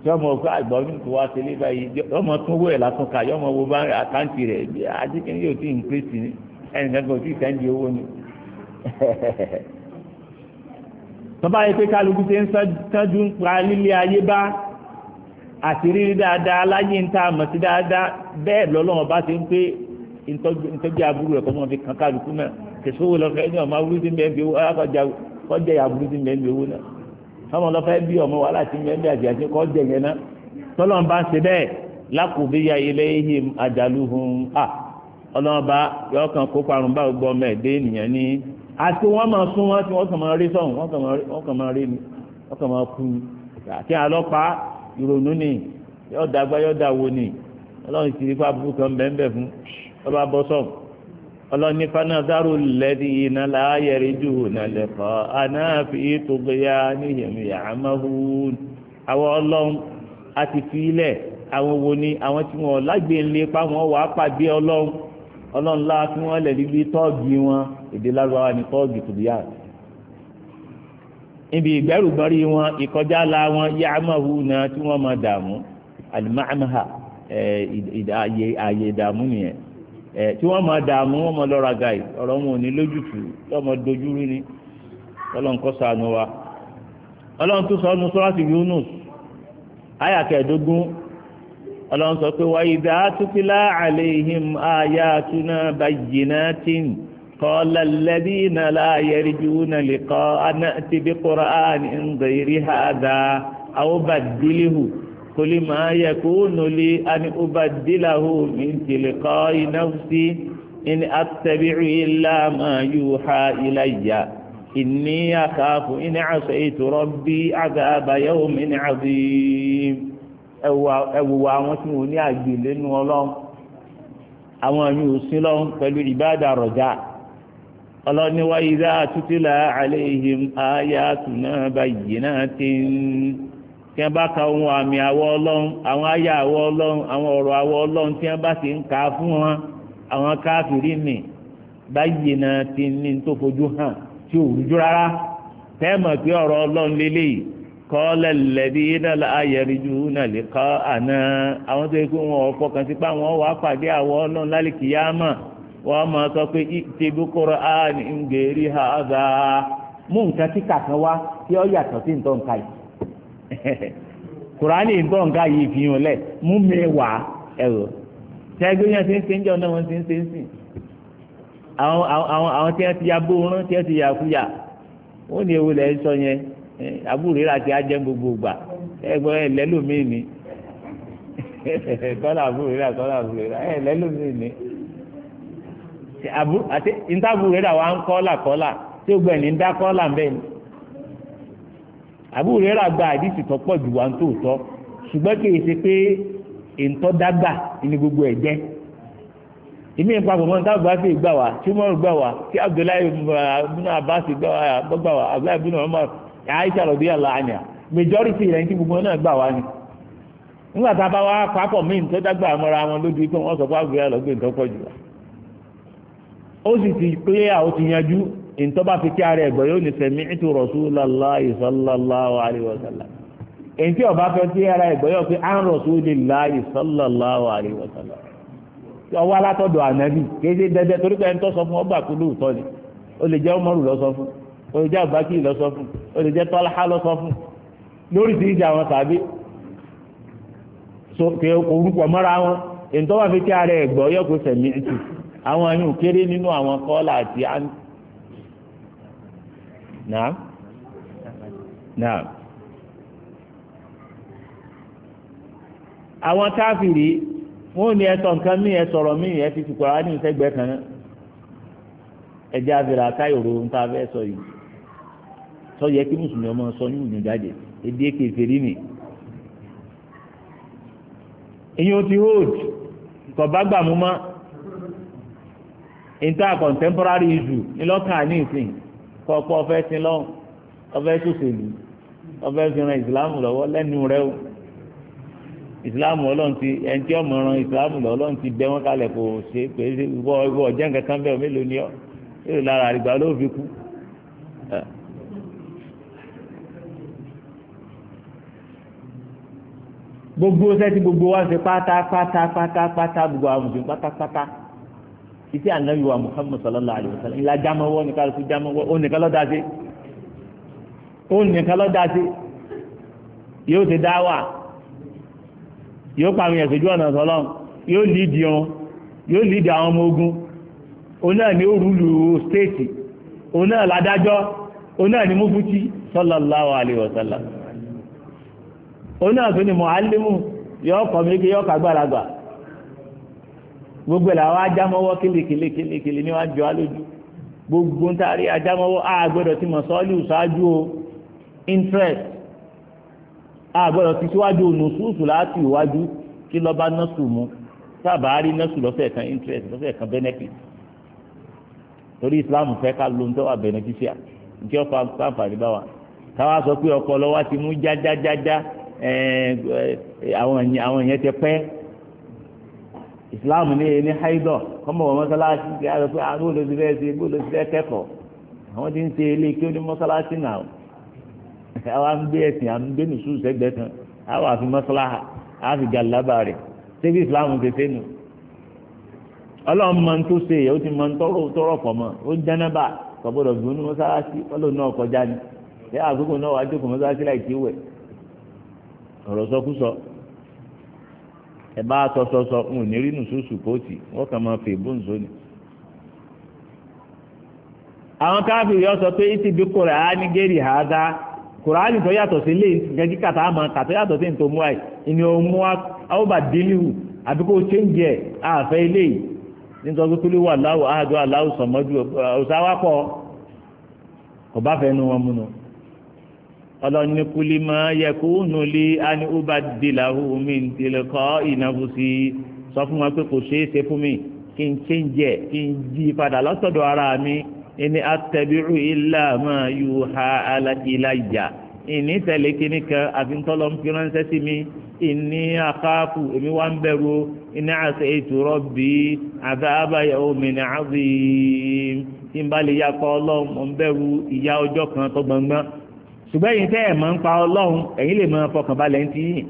tí ọmọ òkú àgbọ̀ ní kò wá sílé báyìí ọmọ tún owó ẹ̀ látún ká yọmọ owó bá àkáǹtì rẹ̀ bí adékèké yóò ti ń pèsè ẹnìkan kò tí ì sẹ́ńdì owó ni tọ́bá yẹ pé kálukú ṣe ń sánjú ń pa lílé ayé bá àti rírí dáadáa láyé ń ta àmọ̀ sí dáadáa bẹ́ẹ̀ lọ́lọ́wọ́ bá ti ń pé ntọ́jú aburú rẹ̀ kọ́mọ́ fi kan kálukú náà kẹsàn-án wò lọ́fẹ́ ẹni ọmọ aburú ti ń bẹ́ẹ̀ bí owó kọjá aburú ti ń bẹ́ẹ̀ bí owó náà sọmọ lọ́fẹ́ bí ọmọ wàhálà ti ń bẹ́ẹ̀ bí àti àti kọjá yẹn náà tọ́lọ́n bá ṣe bẹ́ẹ̀ lákòbíyà ilé ihim àjálù hum a ọlọ́mọba yọ̀ọ́kan kó parun bá gbọ́ mẹ́ẹ̀dé ènìyàn ní àti wọ́n máa sún wọ́n tí wọ́n kàn máa rí sọ̀hún wọ́n kàn máa rí ni wọ́n kàn máa kú ni àti àlọ́pàá ìrònú ni yóò dàgbà yóò dàwó ni ọlọ́run ti rí fún abúlé kan bẹ́ẹ̀ fún ọba bọ́ sọ̀hún ọlọ́run ní fanadaru lẹ́dí iná láàyè rí jù nàlẹ́kọ́ anáàfi tóbiyá níyẹ̀mí àmàhùn àwọn ọlọ́run a ti fi ilẹ̀ àwọn wo ni àwọn tí wọn lágbèéńlé pa wọn wàá pàdé ọlọ́run ọlọ́run láà fún wọn lẹ̀ èdè lárúbáwá ni kọ́ọ̀gì tòbí yá níbi ìgbẹ́rùgbọ́rí wọn ìkọjá la wọn yá amáhu náà tí wọ́n máa dààmú alimaamaha ààyè ìdààmú nìyẹn tí wọ́n máa dààmú wọ́n máa lọ́ra gàì ọ̀rọ̀ wọn ò ní lójútùú lọ́mọ dojú rí ni ọlọ́run kọ́ ṣàánú wa ọlọ́run tó sọ ọ́nù sọ́láṣì Yunus àyà kẹẹ̀ẹ́dógún ọlọ́run sọ pé wa idha tutla alayhim ayatuna bayyinatin. قال الذين لا يرجون لقاء نأتي بقرآن غير هذا أو بدله قل ما يكون لي أن أبدله من تلقاء نفسي إن أتبع إلا ما يوحى إلي إني أخاف إن عصيت ربي عذاب يوم عظيم ẹwùwà àwọn tí wọn ní àgbè lẹ́nu ọlọ́run àwọn àmì òsín lọ́run pẹ̀lú ìbáàdà rọ̀jà ọlọ́ni wa ìdá àtútìlà àléhìm ayatuna bayyinatin tí wọ́n bá ka ohun àmì àwọ̀ ọlọ́run àwọn ayé àwọ̀ ọlọ́run àwọn ọ̀rọ̀ àwọ̀ ọlọ́run tí wọ́n bá ti ń fún wọn àwọn káfìrí mi bayyinatin ní tó fojú hàn tí ò rújú rárá pé ọ̀rọ̀ ọlọ́run lélẹ́yìí náà náà lè kọ́ àná wọ́n máa sọ pé ìtẹ̀bí Kùránì ń ha ọ̀gá mú nǹkan kíkà kan wá tí ó yàtọ̀ sí nǹkan ká yìí Kùránì nǹkan ká yìí fi hàn lẹ̀ mú wá ẹ̀rọ tẹ́gbẹ́ yẹn ti ń náà wọ́n ti ń tí wọ́n ti ya bóorán tí wọ́n ti ya kúyà ní ewu lẹ̀ ń sọ yẹn àbúrò rà ti ajẹ́ gbogbo gbà ẹgbẹ́ ẹ̀ lẹ́lòmíì kọ́lá àti ìtàbù rẹ̀ dà wá ń kọ́là kọ́là tí ó gbẹ̀yìn ń dá kọ́là ń bẹ́ẹ̀ ni àbúrò rẹ̀ rà gba àdìsí tó pọ̀ jù wá ń tó tọ́ ṣùgbọ́n kì í ṣe pé èntọ́ dágbà ní gbogbo ẹ̀ jẹ́ ìmí ìpapọ̀ mọ́ táwọn bá sì gbà wá tí wọ́n gbà wá tí Abdullahi ibùnà Abbas gbà wá Abdullahi ibùnà ọmọ Aisha rọ̀bí àlọ́ àyà majority rẹ̀ ti gbogbo náà gbà wá ni nígbà tá a bá wá papọ̀ míì tó dágbà mọ́ra wọn lójú pé wọ́n sọ fún Abdullahi lọ́gbẹ̀ẹ́ tó pọ̀ jù wá. ó sì ti pé àwọn ti yanjú fi kí ara o yóò ní sẹ̀mí èyí tí ọba fẹ́ kí ara yóò fi án Rasulullahi sallallahu alaihi ọwọ́ alátọ́dọ̀ ànábì kì í ṣe dẹ́dẹ́ torí pé ẹni tó sọ fún ọgbà kú lóòótọ́ ni ó lè jẹ́ Umaru lọ sọ fún ó lè jẹ́ Abubakar lọ sọ fún ó lè jẹ́ Talha lọ sọ fún lórí ti ìjà wọn tàbí kò orúkọ mọ́ra wọn èyí tó fi kí ara àwọn ayún kéré nínú àwọn kọ́là àti an. na nàá. àwọn káfìrí wọn ò ní ẹsọ nǹkan mí ẹsọ̀rọ̀ mí ẹ fi tìkọ̀ á ní ìsẹ́gbẹ́ kan ẹjẹ́ ń sọ yìí sọ yẹ kí mùsùlùmí ọmọ sọ yún ìyún jáde èdè kèfèrí ìyẹn ti hold bá gbà inter contemporary issue ńlọ́kàn ní ìsìn kọ́kọ́ ọ̀fẹ́ sin lọ́hùn ọ̀fẹ́ sòṣèlú ọ̀fẹ́ fi ran ìsìláàmù lọ́wọ́ lẹ́nu rẹ o ìsìláàmù ọlọ́run ti ẹni tí ọmọ ran ìsìláàmù lọ́wọ́ ọlọ́run ti bẹ́ wọn kalẹ̀ kò ṣe pé ìwọ ìwọ ọ̀jẹ́ nǹkan kan bẹ́ẹ̀ mélòó ni ọ́ èrò lára àrígbà ló fi kú. gbogbo sẹ́tì gbogbo wa ń ṣe pátápátápátápátá gbogbo àwọn mùsùlùmí pátápátá iṣẹ́ ànábì wa muhammad sallallahu alayhi wa sallam ńlá jámọ́wọ́ nìkan lọ́ọ́ jámọ́wọ́ ó nìkan lọ́ọ́ dáṣe ó nìkan lọ́ọ́ dáṣe yóò ti dá wà yóò pa àwọn ìyẹ̀sọ́jú ọ̀nà sọlọ́n yóò lídìí wọn yóò lídìí àwọn ọmọ ogun òun náà ni ó rúlu stéètì òun náà ládájọ́ òun náà ni sallallahu alayhi wa sallam òun náà tó yóò kọ́ mi kí yóò kàgbàlagbà gbogbo ẹ̀ làwọn ajámọ́wọ́ kélékélékélékélé ni wọ́n á jọ á lójú gbogbo ń taari ajámọ́wọ́ á gbọ́dọ̀ ti mọ̀ sọ́ọ́lì ṣáájú o interest á gbọ́dọ̀ ti síwájú ònà sùúrù láti ìwájú kí lọ́ọ́ bá nọ́ọ̀sù mu sábà á rí nọ́ọ̀sù lọ́sẹ̀ kan interest lọ́sẹ̀ kan benefit torí Islam fẹ́ ká ló ń tọ́wà beneficial njẹ́ ọ̀fà àǹfààní bá wa káwa sọ pé ọkọ̀ lọ́wọ́ ti mú jájájájá àwọn ìsìláàmù ní ẹni haidọ̀ kọ́mọ wọ mọ́sálásí kí a lọ pé àbúrò ah, ló ti fẹ́ ṣe gbọ́dọ̀ ti fẹ́ àwọn ti ń ṣe ilé kí ó ní mọ́sálásí náà àwa ń gbé ẹ̀sìn àmì gbé nìṣú sẹ́gbẹ́ kan àwa àfi mọ́sálásí àfi gàlábà rẹ̀ ṣébi ìsìláàmù ti nù. ọlọ́run mọ tó ṣe èyí ti mọ tọrọ tọrọ pọ̀ ó ń bí náà kọjá ni ẹ bá a sọsọsọ ń ní rí nùsùsù kóòtì wọ́n kàn máa fi ìbú nzó ni. àwọn káfíìn yọ sọ pé ìtì bí kura á ní gẹ́rì ha dá kura á ní tó yàtọ̀ sí ilé ìgbẹ́jì kàtà á máa kàtó yàtọ̀ sí nítorí mú àì ìní òun mú àwòbà délíwù àbí kó o ṣe ń jẹ àfẹ́ ilé yìí nítorí kúlú wà láwù áhàdó aláwù ọ̀sáwákọ̀ ọlọ́ni kuli ma yakunu li an ubaddilahu min tilqa'i nafsi sọ fún wa pé kò ṣeé ṣe fún mi kí n ṣéǹjẹ kí n jí padà lọ́sọ̀dọ̀ ara mi ìní attabi'u illa ma yuha ilayya ìní tẹ̀lé kíní kan àfi ń tọ́lọ́ fi ránṣẹ́ sí mi ìní akhafu èmi wá ń bẹ̀rù ìní asaytu rabbi adhaba yawmin azim tí n bá lè yakọ̀ ọlọ́run ń bẹ̀rù ìyá ṣùgbọ́n ẹ̀yin tẹ́ ẹ̀ mọ̀ ń pa ọlọ́run ẹ̀yin lè mọ fọkànbalẹ̀ ń tiyín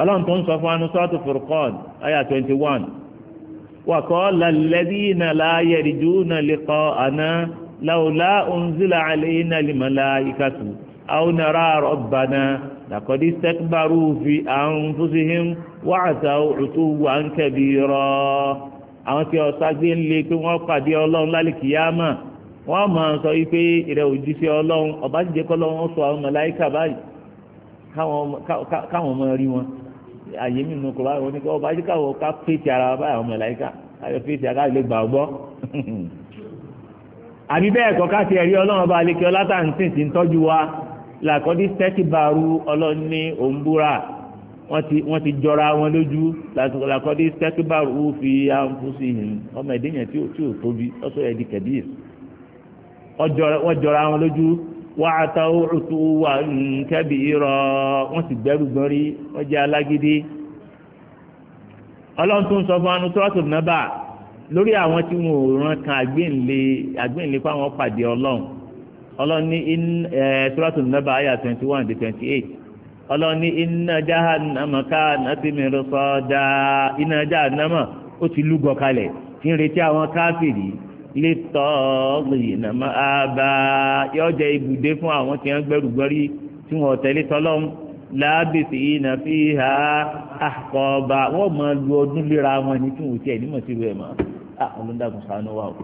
ọlọ́run tó ń sọ fún anusọ́tò furqan aya twenty one وقال الذين لا يرجون لقاءنا لولا أنزل علينا الملائكة أو نرى ربنا لقد استكبروا في أنفسهم وعتوا عتوا كبيرا àwọn tí ọ̀sá gbé ń lé pé wọ́n pàdé ọlọ́run lálẹ́ kìyàmá wọ́n á máa sọ wípé ìrẹ òjíṣẹ́ ọlọ́run ọba jíjẹ kọ́ lọ́wọ́ sọ àwọn màláíkà báyìí káwọn ọmọ rí wọn àyè mi nù kọ́ báyìí wọ́n ní kọ́ ọba jíjẹ káwọn ká pété ara báyìí àwọn màláíkà káyọ̀ pété ara lè gbà gbọ́. àbí bẹ́ẹ̀ kọ́ ká ti ẹ̀rí ọlọ́run ọba àlekè ọlátàǹtì ti ń tọ́jú wa làkọ́dí sẹ́kì bàrú ọlọ́run ní òǹbúra wọ́n ti jọra wọn lójú làkọ́dí sẹ́kì bàrú fi àǹfùsì ọmọ ẹ̀dẹ́yìn tí ò tóbi ọ̀sọ̀ ẹ̀dí kẹ̀díyèsí wọ́n jọra wọn lójú wọ́n ata òtú wà nkẹ́bì irọ́ wọ́n sì gbẹ́rù gbọ́n rí wọ́n jẹ́ alágídí ọlọ́run tó ń sọ fún lórí àwọn tí wọn ò ràn kan àgbéǹle àgbéǹle fáwọn pàdé ọlọ́run ọlọ́run ní àyà twenty one to twenty eight ọlọ́run ní iná ká iná ó ti lítọ́ọ̀lìnà máa bá yọ jẹ ibùdé fún àwọn tí wọ́n gbẹrù gbọ́rí tí wọ́n tẹ̀lé tọ́lọ́m láàbìsì iná fi ha àkọ́ọ̀bà wọ́n mọ lu ọdún léra wọn ní tí wọ́n tiẹ̀ nímọ̀ sí rẹ̀ mọ́ àwọn ló dàgbọ́n sànú wa o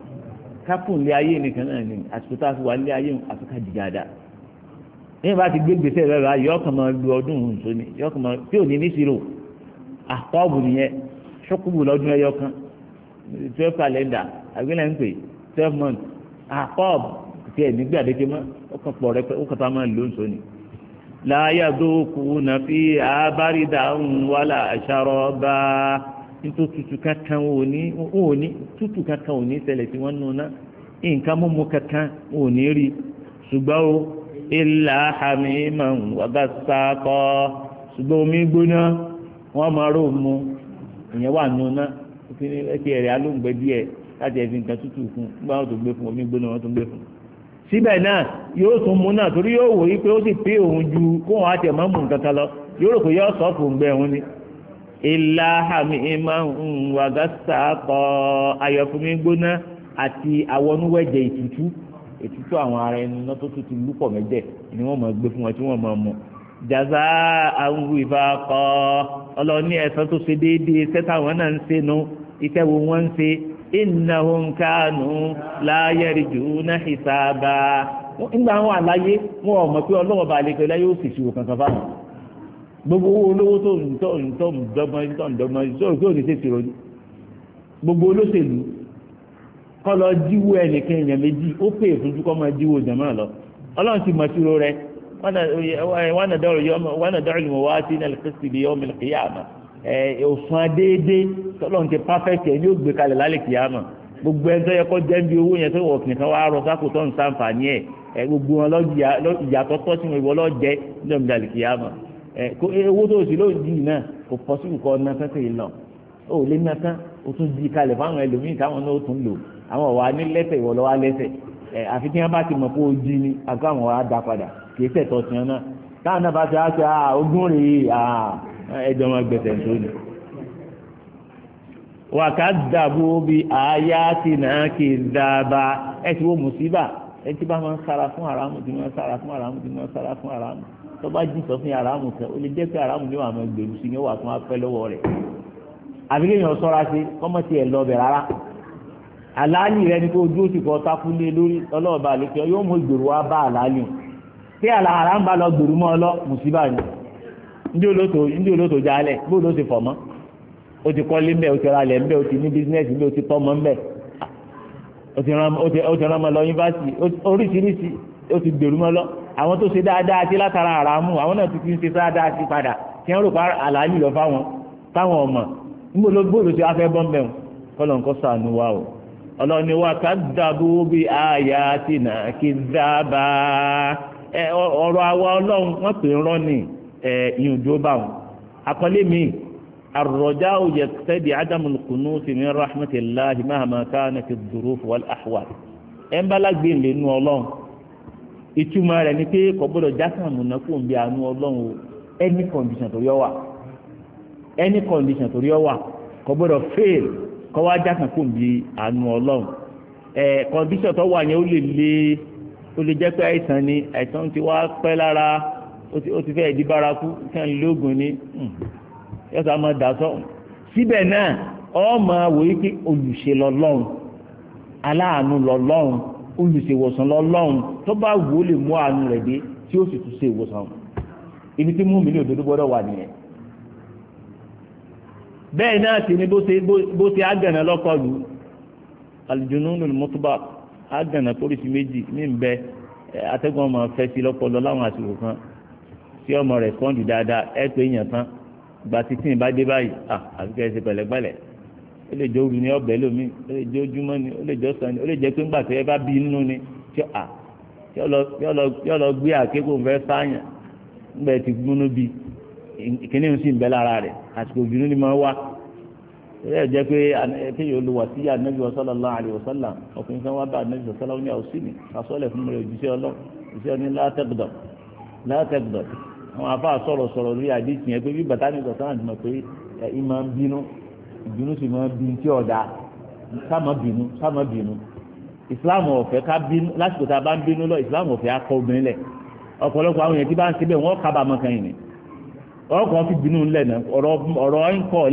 kápùn lé ayé nìkan náà ni àsìkò tá a fi wà lé ayé àfikà jìgàdà ní ìbá ti gbé gbèsè rẹ̀ rà yọ ọkàn máa lu ọdún òun tó ní yọ ọkàn máa àgbélẹ̀ ń pè twelve months àkọ́ọ̀b ah, tí ẹ̀ nígbàdéke mọ́ ó kàn pọ̀ rẹ ó kàn tá máa lò ń sọ fi àbárídà ń wàlà àṣàrọ̀ bá nítorí kankan ní ní kankan ní tí wọ́n nù náà nǹkan mímu kankan ní rí ṣùgbọ́n o ilà hàmì máa ń omi gbóná wọ́n máa rò mu ìyẹn láti ẹ̀fìn nǹkan tútù fún nígbà wọn tó gbé fún omi gbóná wọn tó gbé fún. síbẹ̀ náà yóò tún mú náà torí yóò wò yí pé ó sì pé òun ju kóun àti ẹ̀mọ́ mú nǹkan kan lọ yóò rò pé yóò sọ fún gbẹ òun ni. ilá hàmì ìmọ̀ wàgá sàkọ ayọ̀fúnmi gbóná àti àwọnúwẹ̀jẹ̀ ìtútù ìtútù àwọn ara ẹni náà tó tún lúpọ̀ mẹ́jẹ̀ ni wọ́n máa gbé fún wọn tí wọ́n máa mọ̀ jaza awu ìfakọ ọlọ́ọ̀ni ẹ̀sán tó ṣe déédéé sẹ́tàwọn náà ń ṣe nu iṣẹ́ wo ń ṣe innahum kanu la yarjuna hisaba nígbà wọn àlàyé wọn ò mọ̀ pé ọlọ́wọ́ bá lè pẹ̀lú yóò sì ṣòro kankan gbogbo owó olówó tó ń tọ́ ń gbogbo òsùn déédéé tọ́lọ́run ti perfect ẹ̀ yóò gbé kalẹ̀ lálẹ́ kìyàmọ̀ gbogbo ẹni tó yẹ kọ́ jẹ́ ń bi owó yẹn tó wọ̀ kìnìkan wá rọ sáko tó ń sàǹfààní ẹ̀ ẹ gbogbo wọn ìyàtọ̀ tọ́ sí wọn ìwọ lọ́jẹ́ ní ọ̀mìdà kìyàmọ̀ ẹ owó tó sì lóò dì náà kò pọ̀ sí kò ná sẹ́sẹ̀ yìí lọ ó lé ná tán ó tún di kalẹ̀ fáwọn ẹlòmíì táwọn náà ó tún lò àwọn ọ̀wá ní lẹ́sẹ̀ ìwọ lọ́wọ́ lẹ́sẹ̀ ẹ àfi tí wọn bá ti mọ̀ pé ó di ni àgọ́ àwọn ọ̀wá dá padà kì í sẹ̀tọ̀ tiẹ̀ náà táwọn náà bá ti á sọ ẹjọ́ máa gbẹ̀sẹ̀ tó ni. wàkà dàbò bí àyà ti náà kì í dàbà ẹ ti wo mùsíbà ẹ ti bá máa ń sára fún aráàmù tí máa ń sára fún aráàmù tí máa ń sára fún aráàmù tó bá jí sọfún aráàmù kan lè jẹ́ pé ni wàá gbèrú sí ni wà fún lọ́wọ́ rẹ̀ sọ́ra sí ẹ̀ rárá rẹ ni kó ojú òsì kọ́ sákúlé lórí yóò mú ìgbèrú wá bá tí ndí olóto ndí olóto jalè bó ló ti fọ̀ mọ́ o ti kọ́lé mbẹ́ o ti ra lẹ̀ mbẹ́ o ti ní bísínẹ́sì mbẹ́ o ti tọ́mọ mbẹ́ o ti rán o ti rán mọ́ lọ yunifásitì oríṣiríṣi o ti gbèrú mọ́ lọ àwọn tó ṣe dáadáa sí látara àràmù àwọn náà ti fi ń ṣe dáadáa sí padà kí wọ́n rò pa àlàyé lọ fáwọn fáwọn ọmọ níbo ló gbòòrò sí afẹ́ bọ́m̀bẹ̀ o kọ́lọ̀ ń sànù wa o ọlọ́ni wa ká dàbò àyà tìǹà kí dábàá ọ̀rọ̀ àwa ọlọ́run wọ́n pè ń rọ́ nìyí ẹ̀ ìyẹn òjò bá wọn. àkọlé mi àròjà òye sẹ́bi ádámù kùnú sí ní rahmatulahi mahama kánà ti dúró wal ahwal. ẹ̀ ń bá lágbè lè nu ọlọ́run ìtumọ̀ rẹ̀ ni pé kò gbọ́dọ̀ jásán àmúná kó ń bí àánú ọlọ́run o any condition tó yọ wà any condition tó yọ wà kò gbọ́dọ̀ fail kọ́ wá jásán kó ń bí àánú ọlọ́run ẹ̀ condition tó wà yẹn ó lè lé ó lè jẹ́ pé àìsàn ni àìsàn ti wá pẹ́ lára ó ti fẹ́ di bárakú kí wọ́n lóògùn ni hmm. yọ́sà máa dà sọ. síbẹ̀ náà ọmọ wòye pé olùṣe lọ́lọ́run aláàánú lọ́lọ́run olùṣèwòsàn lọ́lọ́run tó bá wù ó lè mú àánú rẹ̀ dé tí ó sì tún ṣe ìwòsàn ibi tí mú mi ní òdodo gbọ́dọ̀ wà nìyẹn. bẹ́ẹ̀ náà sì ni bó ṣe àgànà lọ́kọ̀ lù aljununu mọ́tòbá àgànà tó rí sí méjì ní ìbẹ́ atẹ́gùn ọmọ fẹ́ sí lọ́pọ̀lọ́ láwọn àsìkò kan tí ọmọ rẹ̀ kọ́ńdù dáadáa ẹ pé èèyàn tán gba títí bá dé báyìí àfi kẹ́ ẹ ṣe pẹ̀lẹ́pẹ̀lẹ́ ó lè jẹ́ òru ni ọbẹ̀ lómi ó lè jẹ́ ojúmọ́ ni ó lè jẹ́ ọ̀sán ni ó lè jẹ́ pé ńgbà tí ẹ bá bí inú ni tí à yọ lọ gbé àkékò fẹ́ sáyàn ńgbà tí gbóná bí kíní ń sì ń bẹ lára rẹ̀ àsìkò ìbínú ni máa wá ilé ẹ̀jẹ̀ pé kéèyàn olùwà sí anabi sallallahu alaihi wasallam ọkùnrin kan wá bá anabi sallallahu ní àwòsí mi àsọ̀lẹ̀ fún mi rẹ̀ òjíṣẹ́ ọlọ́ àwọn afa sọ̀rọ̀ sọ̀rọ̀ lórí àdìsí yẹn pé bí bàtà ní ìgbà sáà ti mọ̀ pé máa ń bínú ìbínú sì máa ń tí ọ̀dà sáàmà bínú sáàmà bínú islam ọ̀fẹ́ ká bínú lásìkò a bá akọ obìnrin lẹ̀ ọ̀pọ̀lọpọ̀ àwọn yẹn bá ń wọ́n ni ọkọ̀ fi bínú ńlẹ̀ náà ọ̀rọ̀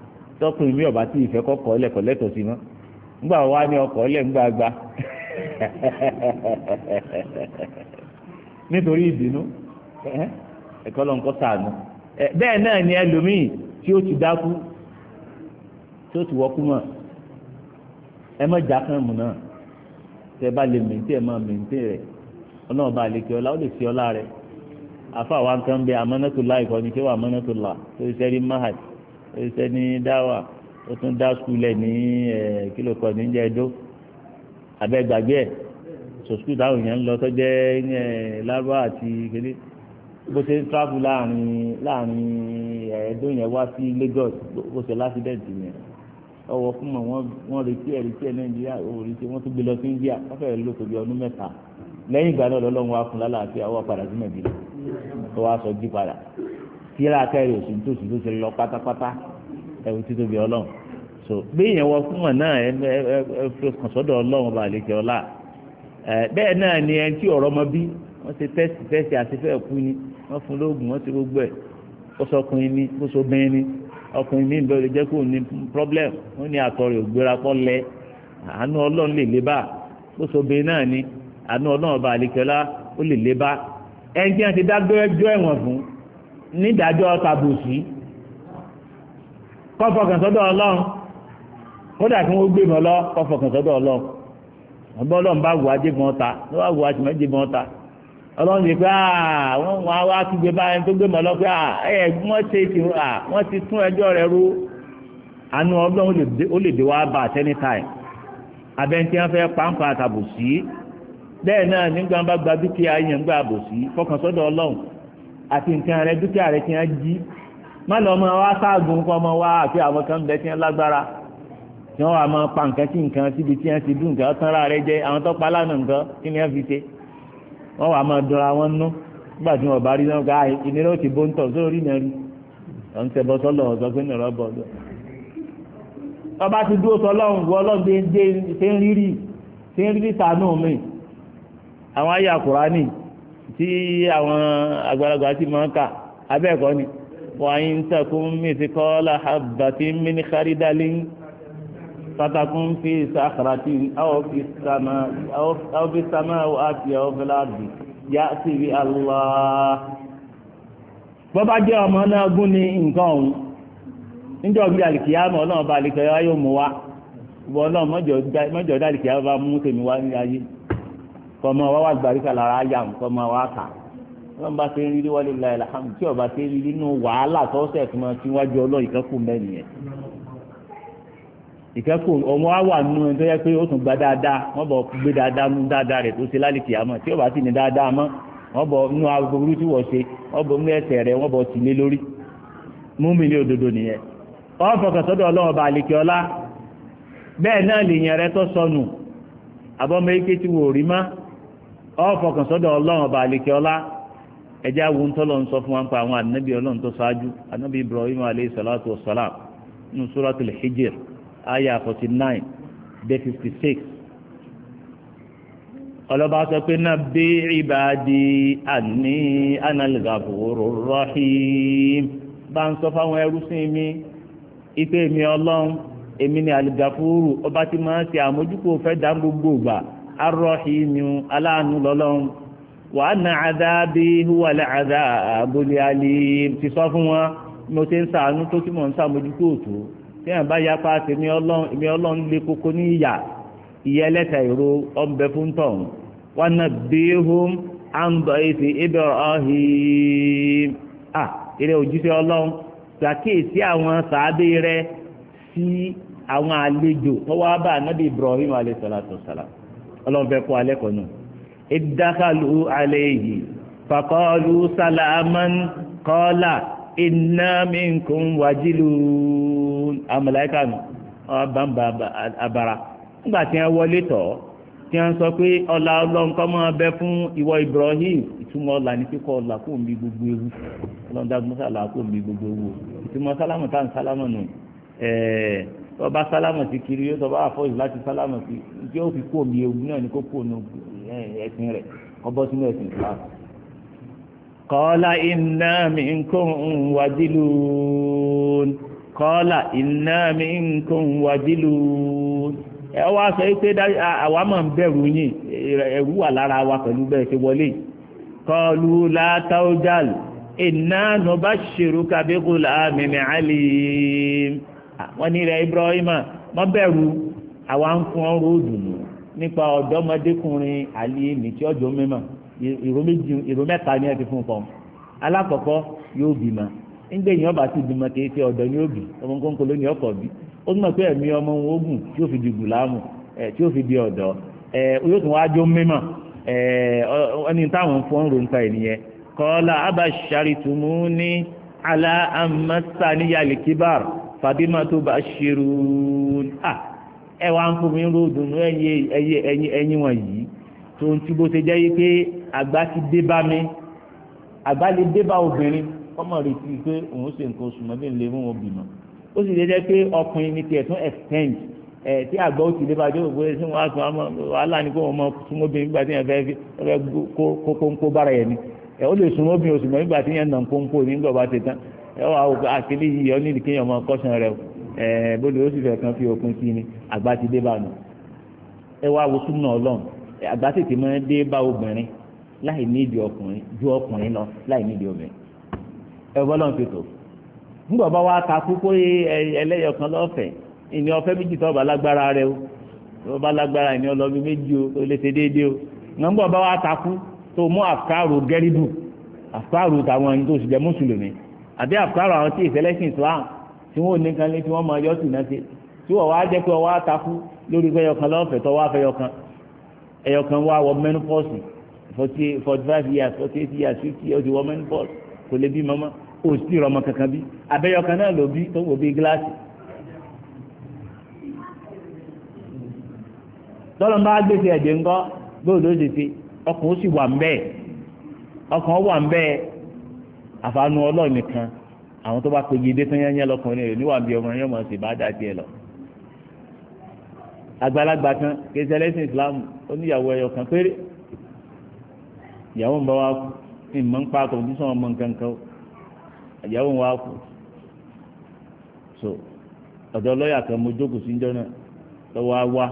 tọkùnrin mi ọba tí ìfẹ́ kọ́kọ́ lẹ̀ kọ́ lẹ́tọ̀ sí mọ́ ńgbà wá ní ọkọ̀ lẹ̀ ńgbà gba nítorí ìdùnnú ẹ̀kọ́ lọ́n kọ́ sàánú bẹ́ẹ̀ náà ni ẹlòmíì tí ó ti dákú tí ó ti wọ́kú mọ̀ ẹ mọ̀ já kan mù náà tẹ bá lè mèntè ẹ mọ̀ mèntè rẹ̀ ọlọ́run bá lè kí ọlá ó lè fi ọlá rẹ̀ afa wa nǹkan bẹ amánátòlá ìkọ́ni tí ó wà amánátòlá tó ṣe rí mahad iṣẹ́ ní dáwà ó tún dá skulẹ̀ ní kílò kan ní jẹ́ẹ́dó abẹ́ gbàgbé ẹ̀ sòskúl táwọn èèyàn ń lọ tó jẹ́ lárúbá àti kéde bó ṣe ń travel láàrin láàrin ẹ̀ẹ́dó yẹn wá sí Lagos bó ṣe lásìdẹ̀ǹtì yẹn ọwọ́ fún mọ̀ wọ́n retí ẹ̀ retí ẹ̀ Nàìjíríà ò retí wọ́n tún gbé lọ sí India wọ́n fẹ́ẹ́ lò tó bí ọdún mẹ́ta lẹ́yìn ìgbà náà lọ́lọ́run wá fún lálàáfíà wọ́n padà sí Nàìjíríà tó wá sọ jí padà tíra kẹrin òsì tó sì tó ti lọ pátápátá ẹwù títóbi ọlọ́run so béèyàn wọ fún wọn náà ẹ ẹ kàn sọ́dọ̀ ọlọ́run bá lè ọlá ẹ bẹ́ẹ̀ náà ni ẹni tí ọ̀rọ̀ ọmọ bí wọ́n ṣe tẹ́sì tẹ́sì àti fẹ́ẹ̀ kú ni wọ́n fún lóògùn wọ́n ti gbogbo ẹ̀ ó sọkùnrin ni ó sọbìnrin ni ọkùnrin mi bẹ́ẹ̀ lè jẹ́ kó ní problem ó ní àtọ̀ rẹ̀ ògbéra pọ́ lẹ àánú ọlọ́run lè lé bá ó sọbìnrin náà ni àánú ọlọ́run bá lè ọlá ó lè lé bá ẹni tí wọ́n ti dágbére jọ ẹ̀wọ̀n fún nídàájọ́ tàbùsí kọ́fọ̀kàn sọ́dọ̀ ọlọ́run kódà kí wọ́n gbé mọ́ lọ kọ́fọ̀kàn sọ́dọ̀ ọlọ́run ọgbọ́n ọlọ́run bá wù á jẹ́gun ọ̀tá ló bá wù á tì mọ́ jẹ́gun ọ̀tá ọlọ́run lè pé ah, wọ́n wá wá kígbe báyìí tó gbé mọ́ lọ pé ah, ẹ̀ wọ́n ti ti ah, wọ́n ti tún ẹjọ́ rẹ̀ rú àánú ọlọ́run ó lè dé wá bá at any time abẹ́ntí wọn fẹ́ pàǹpà tàbùsí bẹ́ẹ̀ náà nígbà wọn bá gba dúkìá yẹn gbà àbòsí fọkàn sọ́dọ̀ ọlọ́run àti nǹkan rẹ dúkìá rẹ ti hàn jí má lọ ọmọ wa sáàgùn kọ́ ọmọ wa àti àwọn kan bẹ ti hàn lágbára tí wọ́n wà máa pa nǹkan sí nǹkan síbi tí wọ́n ti dùn nǹkan tán ra rẹ jẹ àwọn tó pa lánàá nǹkan kí ni wọ́n fi ṣe wọ́n wà máa dọra wọn nú nígbà tí wọ́n bá rí náà ká ìnira ó ti bó ń tọ̀ sórí náà rí ọ̀n tẹ bọ́ sọ́lọ̀ ọ̀sọ́ pé nìrọ̀ bọ̀ lọ. ọba ti dúró sọlọ́run wọ ọlọ́gbẹ́ ṣe ń rírì tí àwọn àgbàlagbà ti máa ń kà abẹ́ẹ̀kọ́ ni wàyín takùn mìtìkọ́lá àbàtì mìnìkárídálé fatakùn fi sàkàràtì àwọ̀fíìsàmà àti àwọ̀fíìlàbì yá sí ibi Allah. bọ́bá jẹ́ ọmọ náà gún ní nǹkan ọ̀hún níjọ́ bí alìkìyàmọ̀ ọlọ́run bá alìkìyàmọ̀ yóò mú wa ìwọ ọlọ́run mọ́jọ́ dálìkìyàmọ̀ bá mú tèmi wá ní ayé. kọmọ wa wà gbàríkà lára ayà ń kọ́mọ wa kà wọ́n bá ṣe ń rírí wọlé ilà tí ọba ṣe ń wàhálà tó ti ọlọ́ọ̀ ìkẹ́kù mẹ́rin yẹn ọmọ wa wà nù ẹni tó yẹ pé ó tún gba dáadáa wọ́n bọ̀ gbé dáadáa dáadáa tó ṣe lálìkì tí ọba sì ní dáadáa agogo tí ṣe mi ní òdodo nìyẹn ọ̀fọ̀kàn sọ́dọ̀ ọlọ́run ọba àlekè ọlá ẹjẹ́ àwọn ntọ́lọ̀ ń sọ fún wa ń pa àwọn ọlọ́run tó ṣáájú ànábì ibrahim aleyhi salatu wa salam nínú suratul hijr aya forty nine dé fifty six ọlọ́ba sọ pé ibadi anni anal rahim bá ń sọ fáwọn ẹrú sí mi mi ọlọ́run èmi ni arọ́hìmí aláàánú lọ́lọ́run wà á na àdáàbí húwà láàdá àbólé ti sọ fún wọn mo ti ń sàánú tó kí ń sàmójútó òtó tí wọn bá tèmi ọlọ́run èmi ọlọ́run koko ní ìyà lẹ́tà ìró ọ̀nbẹ fún tọ̀hún wà à eré ọlọ́run àwọn sàábé rẹ sí àwọn àlejò bá Ibrahim alayhi ọlọ́run fẹ́ kọ́ alẹ́ kọ́nù ìdákàlù alẹ́ yìí fàkọ́ọ̀lù sàlámán kọ́ọ́là iná mìíkùn wájìlú amọ̀láìkà ọ̀bàǹbà àbàrà nígbà tí wọ́n wọlé tọ̀ tí wọ́n sọ pé ọlá ọlọ́run kọ́ máa bẹ fún ìwọ Ibrahim ìtumọ̀ ọlá ní kíkọ́ ọlá kò ń gbogbo ewu ọlọ́run dágbọ́n sàlá gbogbo ewu ìtumọ̀ sálámù táwọn sálámù nù ẹ̀ẹ́ tó bá sálámù sí kiri yóò tó bá àfọyín láti sálámù sí tí ó fi kú omi ewu náà ní kó kú ònú ẹ̀sìn rẹ̀ ọbọ̀ sínú ẹ̀sìn Islam. kọ́lá iná mi ń kó ń wájìlú kọ́lá iná mi ń kó ń wájìlú ẹ wá sọ pé àwa máa ń bẹ̀rù yín ẹ̀rù wà lára wa pẹ̀lú bẹ́ẹ̀ ṣe wọlé kọlu látàójàl iná nù bá ṣèrú kábíkù làmìmì àlìyé wọ́n ní rẹ̀ Ibrahima má bẹ̀rù àwa ń fún ọ róòdù nù nípa ọ̀dọ́mọdékùnrin àlíyé tí ọjọ́ mímọ́ ìró mẹ́ta ni ẹ ti fún pọ́n alákọ̀ọ́kọ́ yóò bímọ nígbà èèyàn bá ti bímọ kì í ọ̀dọ́ ni ó bì ọmọ kónkó ló ní ọkọ̀ bí ó mọ̀ pé ẹ̀mí ọmọ òun ogun tí ó fi di gùlámù tí ó fi di ọ̀dọ́ yóò tún wá jó mímọ̀ ẹni táwọn fún ọ̀rọ̀ nípa ènìyàn kọ́lá abàṣàrìtùmù alá àmọ́sániyàlì fàbímà tó bá ṣerú à ẹ wá ń fún mi ròdùnú ẹyin wọ̀nyí tó ń tí bó ṣe jẹ́ pé àgbà ti dé bá mi àgbà lè dé bá obìnrin ọmọ rẹ̀ ti pé òun ṣe nǹkan oṣù mọ́ bí n lè mú wọn bímọ ó sì lè jẹ́ pé ọkùnrin ní tiẹ̀ tún extend ẹ tí àgbà ó ti lé bàjẹ́ òbó ẹ sí wọn àtún àmọ́ wàhálà ni kó wọn mọ súnmọ́bìnrin nígbà tí yẹn fẹ́ fi ọ̀rẹ́ kó kó kó bára yẹn ni ẹ ó lè súnmọ́bìnrin oṣù mọ́ nígbà tí yẹn nà ẹwà òkú àkìlì yìí ọ nídìí kéèyàn máa kọ́sán rẹ ẹ bóde ó sì fẹ́ kan fi òpin sí ni àgbà ti dé bá nù ẹwà wo súnmọ́ ọlọ́run àgbà tètè máa dé bá obìnrin láì nídìí ọkùnrin ju ọkùnrin lọ láì nídìí obìnrin ẹ bọ́lọ́n ti tò nígbà bá wa ta kú pé ẹlẹ́yọkan lọ́fẹ̀ẹ́ ìní ọ̀fẹ́ méjì tó bá lágbára rẹ o tó lágbára ìní ọlọ́bí méjì o lè ṣe déédéé o nígbà bá wa ta tó mú àfikàrò gẹ́rídù àfikàrò tàwọn ẹni tó sì jẹ́ mùsùlùmí àbí àkàrà àwọn tí ìfẹ́lẹ́sìn Islam tí wọ́n ní kan lé tí wọ́n máa yọ́ sùn náà ṣe tí wọ́n wá jẹ́ pé ọwọ́ àtakú lórí fẹ́yọkan lọ́fẹ̀ẹ́ tọ́wọ́ afẹ́yọkan ẹyọkan wá wọ menopause forty forty five years forty eight years fifty years wọ menopause kò lè bí mọ́mọ́ kò sí ìrọmọ kankan bí abẹ́yọkan náà ló bí tó ń wò bí gíláàsì. tọ́lọ́ bá gbèsè ẹ̀jẹ̀ ńkọ́ gbọ́dọ̀ ṣe ṣe ọkàn ó sì wà ń bẹ́ẹ̀ ọkàn ó wà ń bẹ́ẹ̀ àfàànú ọlọ́run nìkan àwọn tó bá pe yedé tán yẹn yẹn lọkùnrin rẹ̀ níwà bí ọmọ yẹn mọ̀ sí bá dà tiẹ̀ lọ. àgbàlagbà kan kejì ẹlẹ́sìn islam oníyàwó ẹyọ kan péré ìyàwó ń bá wa kú ìmọ̀ ń pa kọ̀ǹdíṣọ̀n ọmọ nǹkan kan ìyàwó ń wa kú. so ọ̀dọ̀ lọ́ọ̀yà kan mo jókòó sí njọ́ náà lọ́wọ́ á wá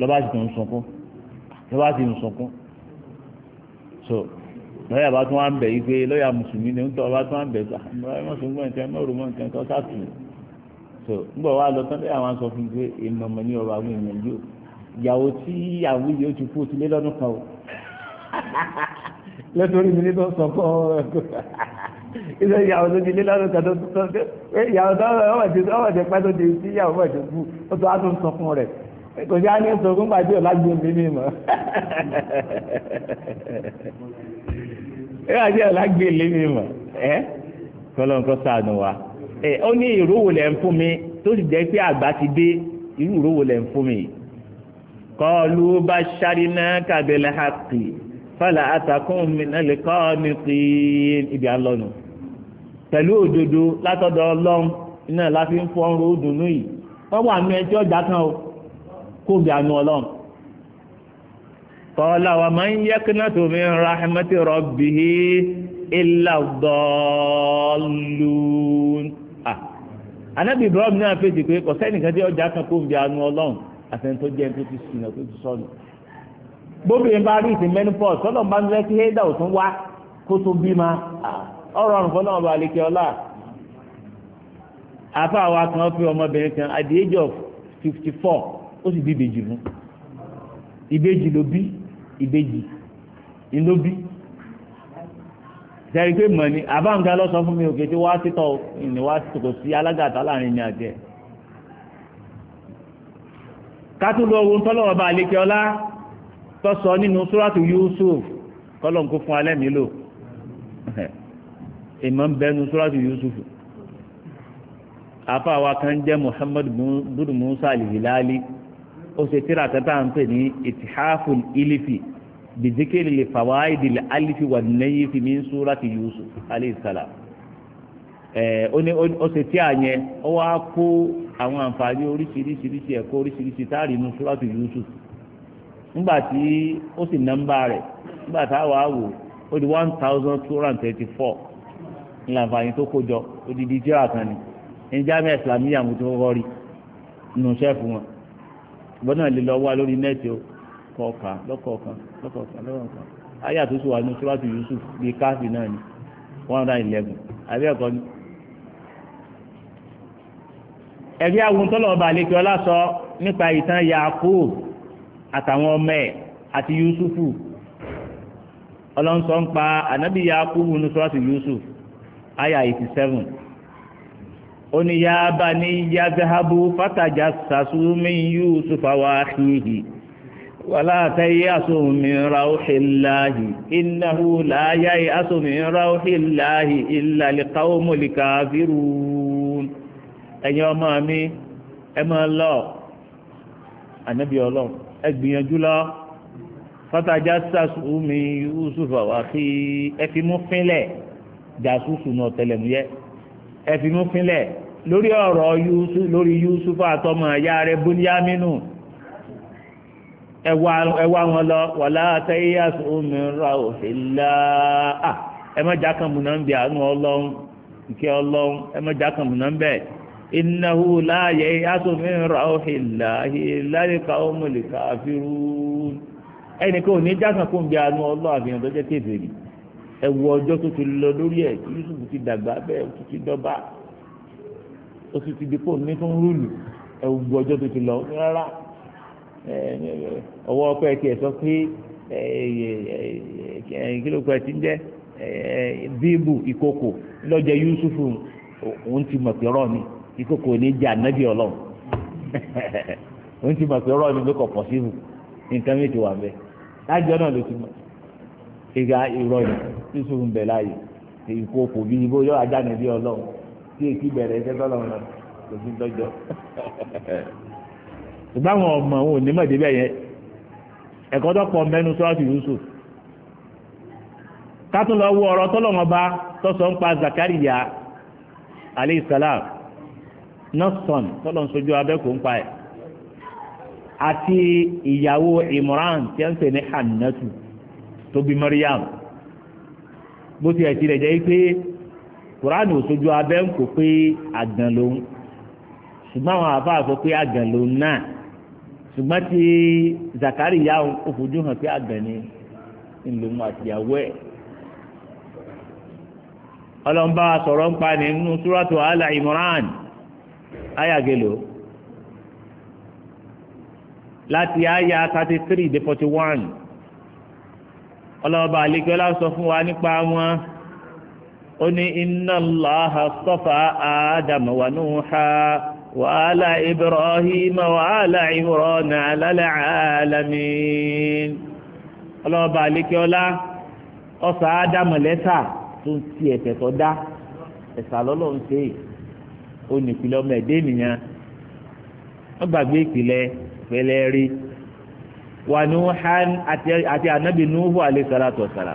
lọ́ba sì tó ń sunkún lọ́ba sì ń sunkún so lọ́yà bá tún wá ń bẹ̀ yí pé lọ́yà mùsùlùmí ni ń tọ́ bá tún wá ń bẹ̀ mọ́sùlùmí nǹkan mọ́rù mọ́ nǹkan kan sátù so ńgbọ̀ wá lọ tán lẹ́yà wọn sọ fún mi pé ìmọ̀mọ̀ ní ọ̀rọ̀ àwọn èèyàn yóò ìyàwó tí àwọn yìí ó ti kú òtílé lọ́dún kan o lẹ́tọ́rí mi ní tó sọ fún ọ ẹ̀kọ́ iṣẹ́ ìyàwó tó ti lé lọ́dún kan tó tó ìyàwó tó ọwọ́ ti pẹ́ tó ti ẹ wá sí ọlágbélé mi mọ̀ ẹ kọlọ́nkọ́ sànù wa ẹ ó ní ìrówó lẹ̀ ń fún mi tó sì jẹ́ pé àgbà ti dé irú ìrówó lẹ̀ ń fún mi kọlu bá ṣárí náà àtàkùn mi náà lè ibi à ń lọ́nu pẹ̀lú òdodo látọ̀dọ̀ ọlọ́run iná láfi ń fọ́n ro yìí wọ́n wà ní ẹjọ́ ìjà kan o kó bí kọ́lá wa máa ń yẹ́kínà tó mi ń ra ẹ̀mẹ́tì rọ̀bì ilà dọ́ọ̀lùún. anábì ah, ibrahim náà fèsì pé kò sẹ́nìkan tí ọjà kan kó ń bi àánú ọlọ́run àtẹnitó jẹ́ tó ti sùnà tó ti sọnù. bá rí ìsìn sọ́dọ̀ bá ń lẹ́ kí hédà ò tún wá kó tó bí ma ah, ọ̀rọ̀ kan at the age of fifty four ó sì bí ìbejì ìbejì ló ìbejì ìlóbí jẹ́rìí pé mọ̀ ni àbáǹgá lọ sọ fún mi òkè tí wá títọ̀ ìní wá títọ̀ kò sí alágàtà láàrin ní àjẹ́ kátólù ọ̀hún tọ́lọ́wọ́ bá àlékè ọlá tó sọ nínú súrátù Yusuf kọ́lọ́n kó fún alẹ́ mi lò ìmọ̀ ń bẹnu súrátù Yusuf àfàwà kan jẹ́ Muhammad budu Musa alihilali ó ṣe tíra kẹta ń pè ní ìtìháfù ilifi bìdíkèrè lè fàwa ìdílé alifi wà nẹ́yìn fi mí súra ti Yusuf aleyhisala ẹ̀ ó ní ó ṣe tí a yẹn ó wá kó àwọn àǹfààní oríṣiríṣiríṣi ẹ̀kọ́ oríṣiríṣi táàrí inú súra ti Yusuf nígbà tí ó sì nọ́mbà rẹ̀ nígbà táwa wò ó di one thousand two hundred and thirty four ńlá àǹfààní tó kó jọ odidi jẹ́ àkànni ní jamiu islamiyah mo ti kọ́kọ́ rí nù sẹ́ẹ̀fù wọn gbọ́dọ̀ lè lọ wá lórí nẹ́ẹ̀tì kọ̀ọ̀kan lọ́kọ̀ọ̀kan lọ́kọ̀ọ̀kan lọ́kọ̀ọ̀kan ayé àtúnṣe wà ní sọ́wọ́tì Yusuf bíi káfí náà ni one hundred and eleven àbí ẹ̀kọ́ ni. ẹ̀rí àwọn tọ́lọ̀ ọba àlekí ọlá sọ nípa ìtàn Yakub àtàwọn ọmọ ẹ̀ àti Yusufu ọlọ́nsọ ń pa ànábì Yakubu ní sọ́wọ́tì Yusuf àyà eighty seven oníyàbá ní yàgbẹ́hábù fàtàjà sàṣúmí Yusuf àwọn àkìyè. ولا تيأسوا من روح الله إنه لا ييأس من روح الله إلا القوم الكافرون ẹ̀yin ọmọ mi ẹ máa lọ ànábì ọlọ́run ẹ gbìyànjú lọ fatajà sàṣù mi yusuf àwàkí ẹ fi mú fínlẹ̀ jàṣùṣù náà tẹlẹmúyẹ ẹ fi mú fínlẹ̀ lórí ọ̀rọ̀ yusuf lórí yusuf àtọmọ ẹ̀yà rẹ̀ bóníyàmínú. ẹwà wọn lọ wàlá àtẹ́yàs omi ra òfin láà ẹ mọ́jà kan múná ń bẹ àánú ọlọ́run ìkẹ́ ọlọ́run ẹ kan múná ń bẹ láàyè ẹnì kan ò ní jákàn kó ń bẹ àánú ọlọ́run àfihàn tó jẹ́ kébèrè ẹwù ọjọ́ tó ti lọ lórí ẹ̀ Yusuf ti dàgbà bẹ́ẹ̀ ti ti di ní tó ń rúlù ọwọ́ ọkọ ẹ̀ tiẹ̀ sọ pé ti ń jẹ́ bíbù ìkòkò Yusufu òun ti mọ̀ pé ọ̀rọ̀ mi ìkòkò ní jẹ́ ànábì ọlọ́run òun ti mọ̀ pé ọ̀rọ̀ mi Yusufu ń bẹ̀ láàyè ìkòkò bíi ibo ajá ọlọ́run tí èkí bẹ̀rẹ̀ ṣùgbọ́n àwọn ọmọ òun ò ní mọ̀ débẹ̀ yẹn ẹ̀kọ́ tó pọ̀ mẹ́nu sọ́ọ̀tì Yusuf kátó lọ wo ọ̀rọ̀ tọ́lọ́mọ bá tọ́sọ̀ ń pa Zakariya aleyhisalaam nọ́sọ̀n tọ́lọ̀ ń sojú ń pa ẹ̀ àti ìyàwó Imran tí ń pè ní Hannatu tó Mariam bó ti ẹ̀ tilẹ̀ jẹ́ pé Kuraani ò sojú abẹ́ ń kó pé àgàn lòun ṣùgbọ́n àwọn àbá àfọ pé àgàn lòun náà ṣùgbọ́n ti Zakariya ó fojú hàn pé àgbẹ̀ ni ńlọmọ àtìyàwó ẹ̀ ọlọ́mbà sọ̀rọ̀ ń pa ní nínú súrọ́tù Al Imran ayàgélò láti àyà thirty three dé forty one ọlọ́mọba àlekẹ́lá sọ fún wa nípa wọn ó ní inna Allaha astafa Adama wa وآل إبراهيم وآل عمران على العالمين ọlọ́ọ̀bà àlékíọ́lá ọ̀sà ádámọ̀lẹ́sà tó ń ti ẹ̀tẹ̀ tó dá ẹ̀sà lọ́lọ́ ń ṣe onípìlẹ̀ ọmọ ẹ̀dẹ́ ènìyàn wọ́n gbàgbé ìpìlẹ̀ nuhu aleyhisalatu wasala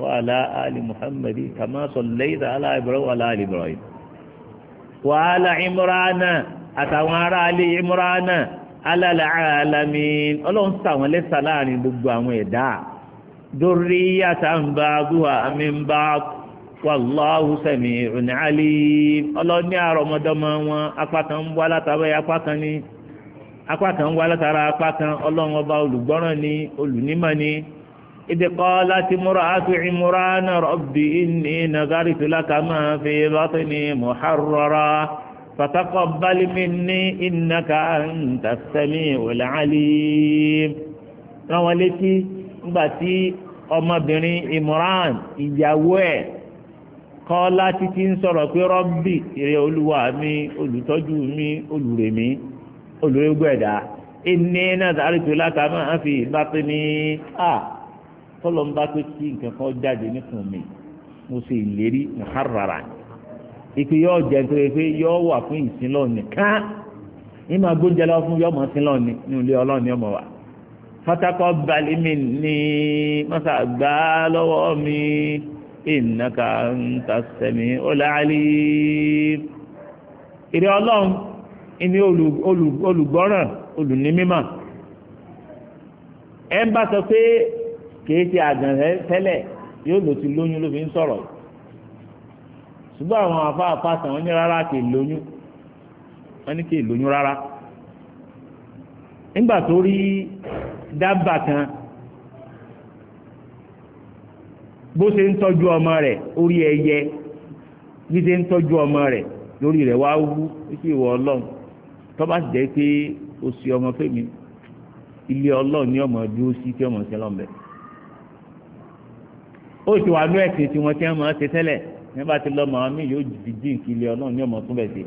وعلى آل محمد كما صليت على إبراهيم وعلى آل إبراهيم وعلى عمران àtàwọn ará alẹ́ ìmúránà alálàálàmì ọlọ́run sàwọn lẹ́sà láàrin gbogbo àwọn ẹ̀dá dórí yàtà ń bá búwa àmì ń bá wàláhù sẹ̀mí ìrìnàlì ọlọ́ní àrọ̀mọdọ́mọ wọn apákan ń wá látara wá látara apákan ọlọ́run ọba olùgbọ́ràn ní olùnímọ̀ ni. إذ قالت مرأة عمران رب إني نذرت لك ما في بطني محررا فتقبل مني إنك أنت السميع العليم àwọn létí nígbà tí ọmọbìnrin Imran ìyàwó ẹ̀ kọ́ láti ti ń sọ̀rọ̀ pé rọ́bì tọ́lọ̀ ń bá pé kí nǹkan kan jáde nífun mi mo sì lérí muharrara ìpè yọ jẹ nítorí pé yọ wà fún ìsìn lọ nìkan ní máa gbóúnjẹ lọ fún yọmọ sí lọ ní ilé ọlọ́ọ̀ni ọmọ wa fatakọ balimi ni masa gbá lọ́wọ́ mi ìnaka nta sẹ́mi ọ̀làálí èrè ọlọ́run ìní olùgbọ́ràn olùnímímà ẹ̀ ń bá sọ pé. kìí ṣe àgàn tẹ́lẹ̀ yóò lò ti lóyún ló fi ń sọ̀rọ̀ ṣùgbọ́n àwọn afáàfà onye wọ́n ní rárá kì í lóyún wọ́n ní kì í lóyún rárá nígbà tó rí dábàá kan bó ṣe ń tọ́jú ọmọ rẹ̀ orí ẹyẹ bí ṣe ń tọ́jú ọmọ rẹ̀ lórí rẹ̀ wá wú sí ìwọ ọlọ́run tó sì jẹ́ pé o sì ọmọ fẹ́mi ilé ọlọ́run ó ti wà ní ẹ̀sìn tí wọ́n ti ń mọ̀ ọ́ ṣe tẹ́lẹ̀ nígbà tí lọ́mọ mi yóò di dín kiri ọ̀nà ní ọmọ tún bẹ̀ sí.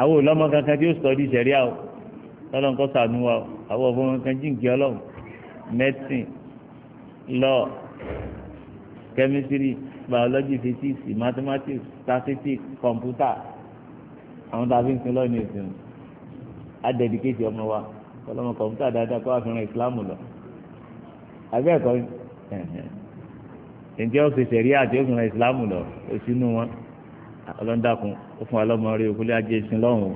àwọn olọ́mọ kankan tí ó sọ di sẹ̀ríà o lọ́lọ́n kọ́ sànú wa o àwọn ọ̀bọ̀n kankan jíǹkì ọlọ́run mẹ́tìn lọ kẹ́mísírì biology physics mathematics statistics computer àwọn tá a fi ń sin lọ́ọ̀ ní ìsìn á dẹ́díkéètì ọmọ wa ọlọ́mọ kọ̀m̀pútà dáadáa kó wá fi ran ìsìlámù lọ àbí ẹ̀kọ́ yìí ǹjẹ́ ó ṣe sẹ̀rí àti òfin ìsìlámù lọ òsínú wọn ọlọ́dàkùn ó fún ọlọ́mọ rí okúlé ajé ìsìn lọ́hùn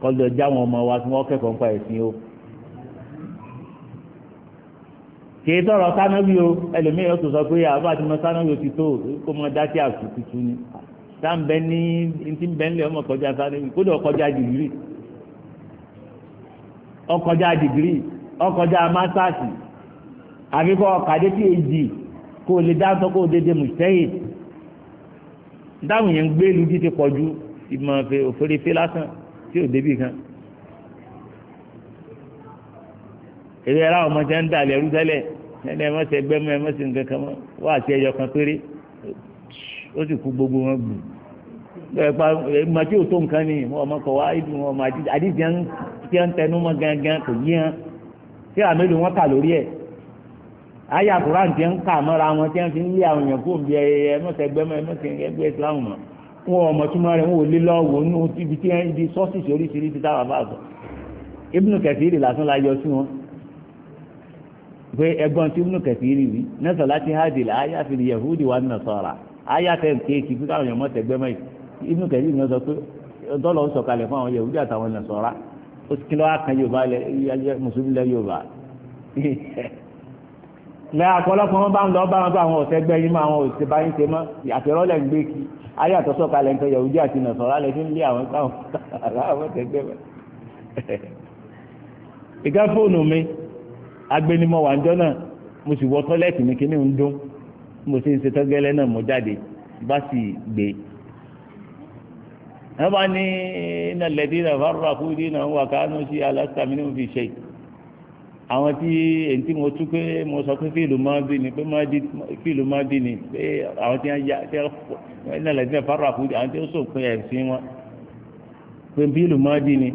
kọ́lọ́ já wọn ọmọ wa tí wọ́n kẹ́kọ̀ọ́ nípa ẹ̀sìn o. kì í tọrọ sánábì o ẹlòmíì yóò tó sọ pé àbá àti mọ sánábì o ti tó kó mọ dá sí àsù tuntun ni sáǹbẹ ní ntí ń bẹ ńlẹ ọmọ kọjá sánábì kódà ọkọjá dìgírì ọkọjá dìgírì ọkọjá mástáàsì àbí kọ́ kàdé phd kó lè dáńtọ́ kó dédé mùsẹ́yìn dáhùn yẹn ń gbé lùdí ti pọ̀ ju ìmọ̀ òfèrèfé lásán tí ò débì kan. èrè ara ọmọ tẹ ń dàlẹ́ ẹrú tẹ́lẹ̀ ẹni ẹmọ sẹ gbẹmọ ẹmọ sì ń kankan mọ wá àti ẹyọ kan péré ó sì kú gbogbo wọn gbù bẹ́ẹ̀ pa tí ò tó nǹkan ni wọn ọmọ kọ wá ibi wọn ọmọ àdìsí àdìsí ń tẹnu mọ́ gangan kò yí hàn tí àmì àyà àkùrá ti ń kà mọ́ra wọn tí wọ́n fi ń lé àwọn èèyàn kó bí ẹ mọ́sẹ̀gbẹ́ mọ́sẹ̀gbẹ́ islam mọ́ wọn ọmọ túmọ̀ rẹ̀ wọn ò lé lọ́wọ́ nínú ibi tí wọ́n di sọ́ọ̀sìsì oríṣiríṣi táwọn bá sọ ibùnú kẹfìrì lásán la yọ sí wọn pé ẹgbọ́n tí ibùnú kẹfìrì rí nẹ́sọ̀ láti hádìí la àyà fi yahudi wa nasara àyà tẹ̀ kéèkì fún káwọn èèyàn mọ́sẹ̀gbẹ́ mọ́ ibùnú kẹfìrì náà sọ pé dọ́lọ̀ ń sọ̀kalẹ̀ fún àwọn yahudi àtàwọn nasara ó ti kí lọ́wọ́ kan yorùbá lẹ mùsùlùmí lẹ yorùbá lẹ́yìn àpọ̀lọpọ̀ wọn bá ń lọ bá wọn bá àwọn ọ̀sẹ̀ gbẹ́yìn mọ́ àwọn òsè bá yín ṣe mọ́ àtẹ̀rọ́lẹ̀ ń gbé kí ayé àtọ́sọ́ kalẹ̀ ń tẹ yahudi àti nàṣọ́rọ́ alẹ́ fi ń lé àwọn táwọn àwọn ọ̀sẹ̀ gbẹ́ mọ́. ìgbà fóònù mi agbẹnimọ̀ wà ń jọ náà mo sì wọ tọ́lẹ́ẹ̀tì mi kíní ń dún mo sì ń ṣe tọ́gẹ́lẹ́ náà mo jáde bá sì gbé. wọ́n bá ní àwọn tí èyí tí mo tú pé mo sọ pé fíìlù máa bí ni pé fíìlù máa ń bí ni pé àwọn tí wọ́n ya tí wọ́n ní ẹ̀lẹ́dínlẹ̀ fara kú àwọn tí wọ́n sòpin ẹ̀sìn wọn pé fíìlù máa ń bí ni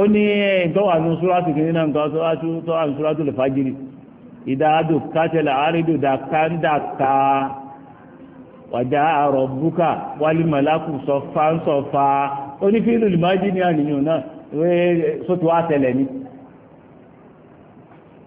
ó ní ìtọ́wà ní sùràtù kìíní náà nǹkan sùràtù tọ́wà ní sùràtù lè fàjìrì ìdáàdù kátẹ́lẹ̀ àárídù dàkàndàkà wàjà àrọ̀ búkà wálé màlákù sọfà ń sọfà ó ní fíìlù lè má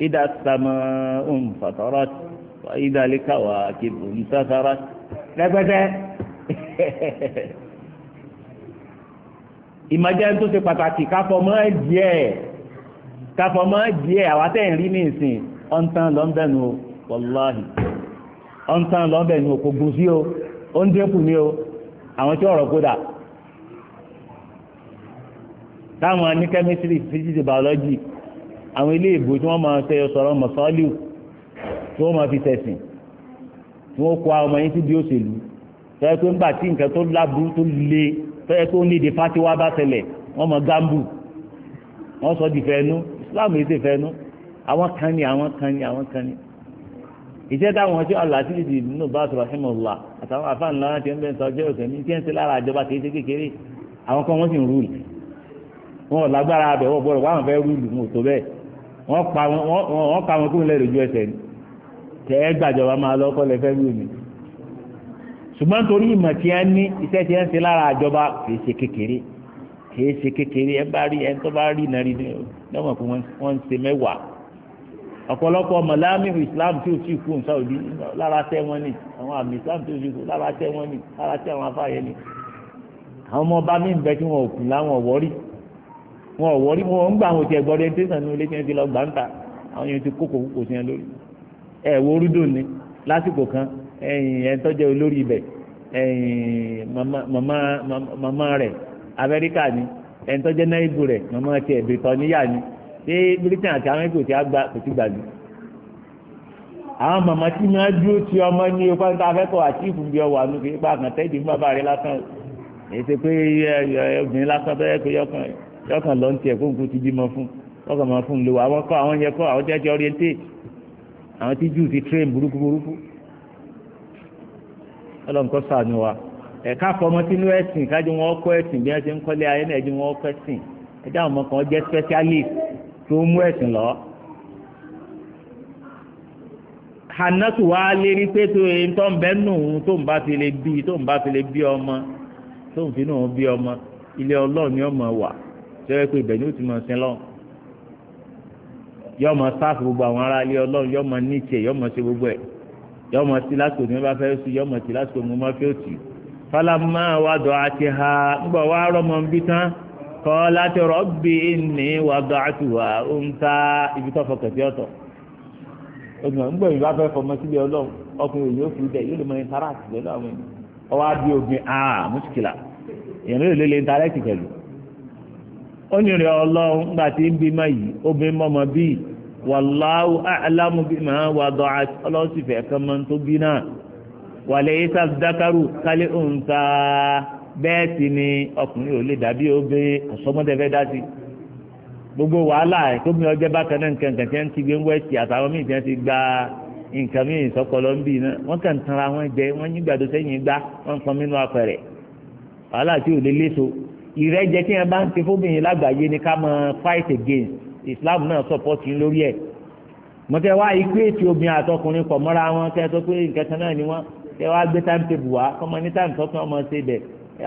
إذا السماء انفطرت وإذا الكواكب انتثرت lẹ́gbẹ́dẹ́ ìmọ̀jẹ́ tó ṣe pàtàkì káfọmọ́ díẹ̀ káfọmọ́ díẹ̀ àwátẹ́ ìrí ní ìsìn ọ̀ntán lọ́nbẹ̀nu wọláhì ọ̀ntán lọ́nbẹ̀nu kò gùn sí o ó ń dínkù ní o àwọn tí ọ̀rọ̀ kódà táwọn ní chemistry physics biology àwọn ilé ìbò tí wọ́n máa tẹyọ sọ̀rọ̀ mọ̀sálíù tí wọ́n máa fi tẹ̀sìn tí wọ́n kó ọmọ yín síbi òṣèlú tẹ́lẹ̀ tó ń gbà tí nǹkan tó láburú tó le tẹ́lẹ̀ tó ní èdè fáti wá bá tẹ̀lẹ̀ wọ́n mọ gámbù wọ́n sọ di fẹ́ẹ́nu Islam yìí ti fẹ́ẹ́nu àwọn kan ní àwọn kan ní àwọn kan ní. ìṣe táwọn ṣé aláṣíìsì nínú bá sọ̀rọ̀ ṣẹ́mọ̀lá àtàwọn afáàní lára ti ń bẹ́ẹ̀ sọ ọjọ́ ìṣẹ́ ní tí ń ṣe lára ìjọba kì í ṣe kékeré àwọn kan wọ́n sì ń rúùlù wọn ò lágbára abẹ wọ́n gbọ́dọ̀ wọ́n àwọn fẹ́ rúùlù wọn ò tó bẹ́ẹ̀ wọ́n pa wọn kúrò lẹ́rìí ojú ẹsẹ̀ ni tẹ́ ẹ gbàjọba máa lọ kọ́ lẹ́fẹ́ bí omi ṣùgbọ́n torí ìmọ̀ tí ẹ ní iṣẹ́ tí ẹ ń ṣe lára àjọba kìí ṣe kékeré kìí ṣe kékeré ẹ bá rí ẹ tó bá rí ìnárí ní ọmọ pé wọ́n ń ṣe mẹ́wàá ọ̀pọ̀lọpọ̀ ọmọ láàmìhù Islam tí ò tí kú ní Saudi lára tẹ́ wọ́n ní àwọn àmì Islam tí ò tí kú lára tẹ́ wọ́n ní lára tẹ́ àwọn afáyẹ ní àwọn ọmọ ọba mi ń bẹ tí wọn ò kù láwọn ọ̀wọ́ rí wọn ò wọrí wọn ń gbà àwọn òtí ẹgbẹ́ orientation ní olóṣèlú ti lọ gbà ń ta àwọn yẹn ti kókò kókò sí yẹn lórí ẹ wo rúdò ni lásìkò kan ẹyìn ẹ tọ́jú olórí ibẹ̀ ẹyìn màmá rẹ̀ Amẹ́ríkà ni ẹ tọ́jú náírà rẹ̀ màmá tiẹ̀ Bìtọ́níyà ni ṣé Britain àti Amẹ́ríkà kò ti gbà kò ti gbà ní àwọn màmá tí máa dúró tí ọmọ ní o fáńtà afẹ́kọ̀ọ́ àti ìfúnbi ọwọ́ àánú kì í pa àkàntẹ́ ìdí fún bàbá rẹ lásán èyí ṣe pé obìnrin lásán bẹ́ẹ̀ pé yọkàn rẹ̀ yọkàn lọ ń tiẹ̀ kó nǹkan ti bímọ fún ọkàn máa fún un lò àwọn kọ́ àwọn yẹ kọ́ àwọn tí wọ́n ti orienté àwọn tí jù ti train burúkú burúkú ọlọ́nkọ́ sàánú wa ẹ̀ka fọmọ sínú ẹ̀sìn kájú wọn kọ́ ẹ̀sìn bí wọ́n ti ń kọ́lé ayé náà ju wọn kọ́ ẹ̀sìn ẹ̀dá àwọn ọmọ jẹ́ specialist tó ń mú ẹ̀sìn lọ. hanatu wa lérí pé tó ń tọ́ ń bẹ́ nù ún tó ń bá fi lè bí tó ń bá fi lè bí ọmọ tó ń fi nù bí ọmọ ilé ọlọ́run ni ọmọ wà tẹ́wẹ́ pé ibẹ̀ ni ó ti mọ̀ sí lọ yọ ọmọ sáàfù gbogbo àwọn ará ilé ọlọ́run yọ ọmọ níkẹ́ yọ ọmọ sí gbogbo ẹ̀ yọ ọmọ sí lásìkò tí wọ́n bá fẹ́ sí yọ ọmọ sí lásìkò tí wọ́n bá fẹ́ sí. fọlámà wàdọ̀ àti ha ńgbọ̀ wá rọmọ bí tán kọ́ láti rọ́bì ní wàdọ̀ àti wà ó ń ta ibi tó fọkàn sí ọ̀tọ̀. ọgbọ̀n ńgbọ̀ mi bá fẹ́ fọmọ sílé ọlọ́run ọkùnrin ah mùsùkìlà èèyàn ló lè lè interact onyere nìrè ọlọ́run nígbà tí ń bímọ yìí obìnrin mọ́mọ́ bíi wàláwù àlámù bímọ wà dọ̀ ọlọ́run sì tó bí náà wàlẹ̀ isa dakaru kálí òǹkà bẹ́ẹ̀ sì ni ọkùnrin ò lè dàbí obe ọ̀sọ́mọdẹ́fẹ́ dá sí gbogbo wàhálà tómi ọjọ́ bákan náà nǹkan nǹkan tí ti gbé ń ti gba nǹkan míì sọ́kọlọ́ ń bì náà wọ́n kàn tanra wọn jẹ wọ́n sẹ́yìn gbá wọ́n ìrẹ́jẹ tí wọ́n bá ń ṣe fóbìnrin lágbàáyé ni ká máa fight against Islam náà support yín lórí ẹ̀ mọ̀tẹ́ wá ikú ètò obìnrin àtọkùnrin pọ̀ mọ́ra wọn kẹ́ ẹ sọ pé nǹkan kan náà ni wọ́n kẹ́ wá gbé time table wá kọ́mọ ní time tọ́kùn ọmọ ṣe bẹ̀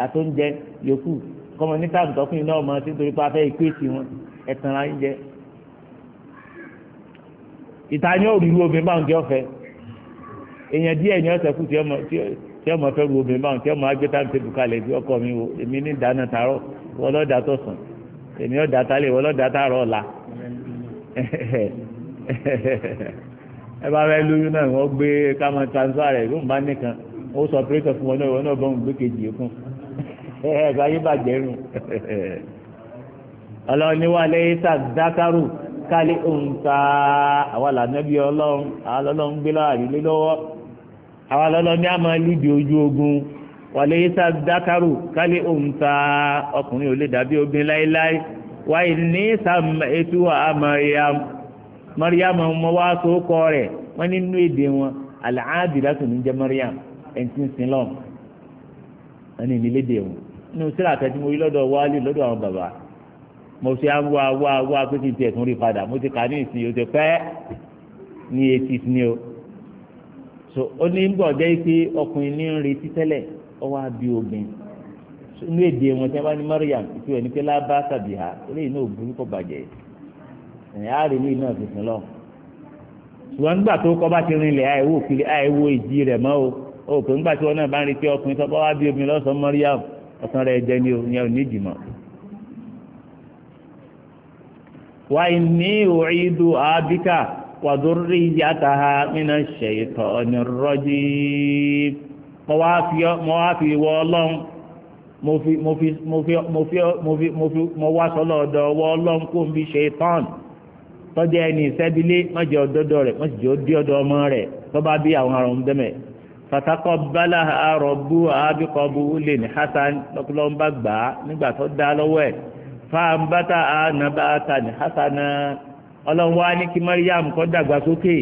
àtúnjẹ yòókù kọ́mọ ní time tọ́kùn iná ọmọ ṣe nítorí pé a fẹ́ ikú ètò wọn ẹ̀tàn ra ń jẹ. ìta ni ó rí irú obìnrin báwọn jẹ́ ọ̀fẹ́ èèyàn díẹ̀ ni ọ̀sẹ̀ kù tí ọmọ tí ọmọ fẹ́ ru omi báwọn tí ọmọ agbẹ́ta ọkọ mi wò èmi ní ìdáná tààrọ̀ wọlọ́dà tó sùn èmi ọ̀dà tálẹ̀ wọlọ́dà tààrọ̀ ọ̀la ẹ bá fẹ́ lóyún náà wọ́n gbé transfer rẹ̀ ló ń bá nìkan ó sọ wọn náà wọn náà bọ́ ń gbé kejì fún ẹ̀ẹ́dá yé bàjẹ́ rùn ọlọ́run ní kálí àwọn bíi ọlọ́run àwọn alọ́lọ́ ní a máa lídì ojú ogun wàlẹ́ yíṣà dákàrò kálí òǹta ọkùnrin ò lè dàbí obìnrin láéláé wáyé ní sàmà ètò àmàríyàm mariam ọmọ wa so kọ rẹ̀ wọ́n nínú èdè wọn àlàáàdì látò ní jẹ́ mariam ẹ̀ǹtí sinlọ́m wọ́n ní ìlédè wọn nínú sílẹ̀ àtẹ̀tí mo rí lọ́dọ̀ wálé lọ́dọ̀ àwọn bàbá mo ṣe à ń wá wá wá pé kí n tiẹ̀ tún rí padà mo ti kà ní ìsinyìí o ti pẹ́ ní etí ni o. so ó ní bọ̀ jẹ́ pé ọkùnrin ní ń retí tẹ́lẹ̀ ọ wá bí obìnrin inú èdè wọn tí wọn bá ní Mariam ìtura ẹni pé lábá tàbí ha eléyìí náà burú kọ bàjẹ́ ẹ̀yìn àárẹ̀ eléyìí náà lọ. ṣùgbọ́n nígbà tó kọ́ bá ti rinlẹ̀ àìwò kiri àìwò ìdí rẹ̀ mọ́ o ó Mariam ọ̀sán rẹ̀ jẹ́ ni o ìyẹn ò ní wàdúrúyàtàhà mínà ṣèyítọ̀ ọ̀nìrọ́jì mo wá fi ìwọ ọlọ́run mo fi mo fi mo fi mo fi mo fi mo fi mo wá sọlọ ọ̀dọ̀ ọwọ́ ọlọ́run kó ẹni ìṣẹ́bílé mọ̀jẹ̀ ọ̀dọ́dọ̀ rẹ̀ mọ̀jẹ̀ ó dí ọmọ rẹ̀ tó bá bí àwọn ará ọ̀hún dẹ́mẹ̀. bala arọbu abikọbu lè ní hasan lọkùlọ ń bá gbà á nígbà tó dá lọ́wọ́ ẹ̀ fáwọn bàtà ní hasan náà ọlọ́run wá ní kí Mariam kó dàgbàsókè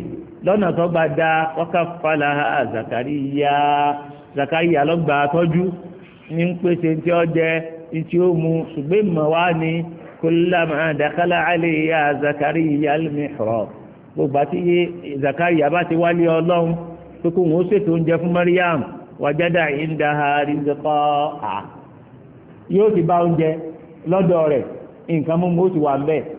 lọ́nà tó bá da wákà fàlà Zakariya Zakariya lọ́gbà tọ́jú ní ń pèsè tí ó jẹ tí ó mu ṣùgbọ́n ìmọ̀ wá ní kullama dakhala alayya Zakariya al-mihrab gbogbo àti Zakariya bá ti wálé ọlọ́run pé wọn ó ṣètò oúnjẹ fún Mariam wàjádà ìndáha rìndẹ́kọ́ à yóò ti bá oúnjẹ lọ́dọ̀ rẹ̀ nǹkan mú mú ó ti wà bẹ́ẹ̀.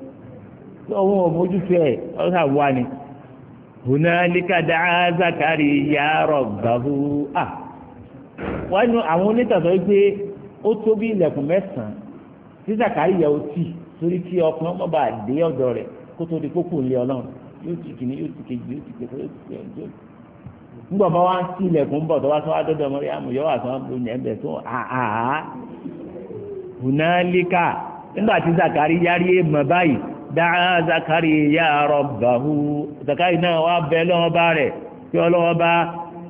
ọwọ́ ọmọdútù ẹ̀ ọ̀sà wà ní. hunalika da'a zakariya rabbahu à wọ́n nu àwọn onítàtọ́ pé ó tó bí ilẹ̀kùn mẹ́sàn-án tí zakariya ó tì torí kí ọkùnrin ọmọ bá dé ọ̀dọ̀ rẹ̀ kó tó di kókò ńlẹ̀ ọlọ́run yóò ti kìíní yóò ti kejì yóò ti kẹfẹ yóò ti kẹfẹ yóò ti ngbọ bá wá ń sí ilẹ̀kùn bọ̀ tó wá sọ wá dọ́dọ̀ mọ́rí àmọ́ yọ wá dáa zakari ya rọ̀bàhú zakari náà wá bẹ lọ́wọ́bá rẹ̀ kí ọlọ́wọ́bá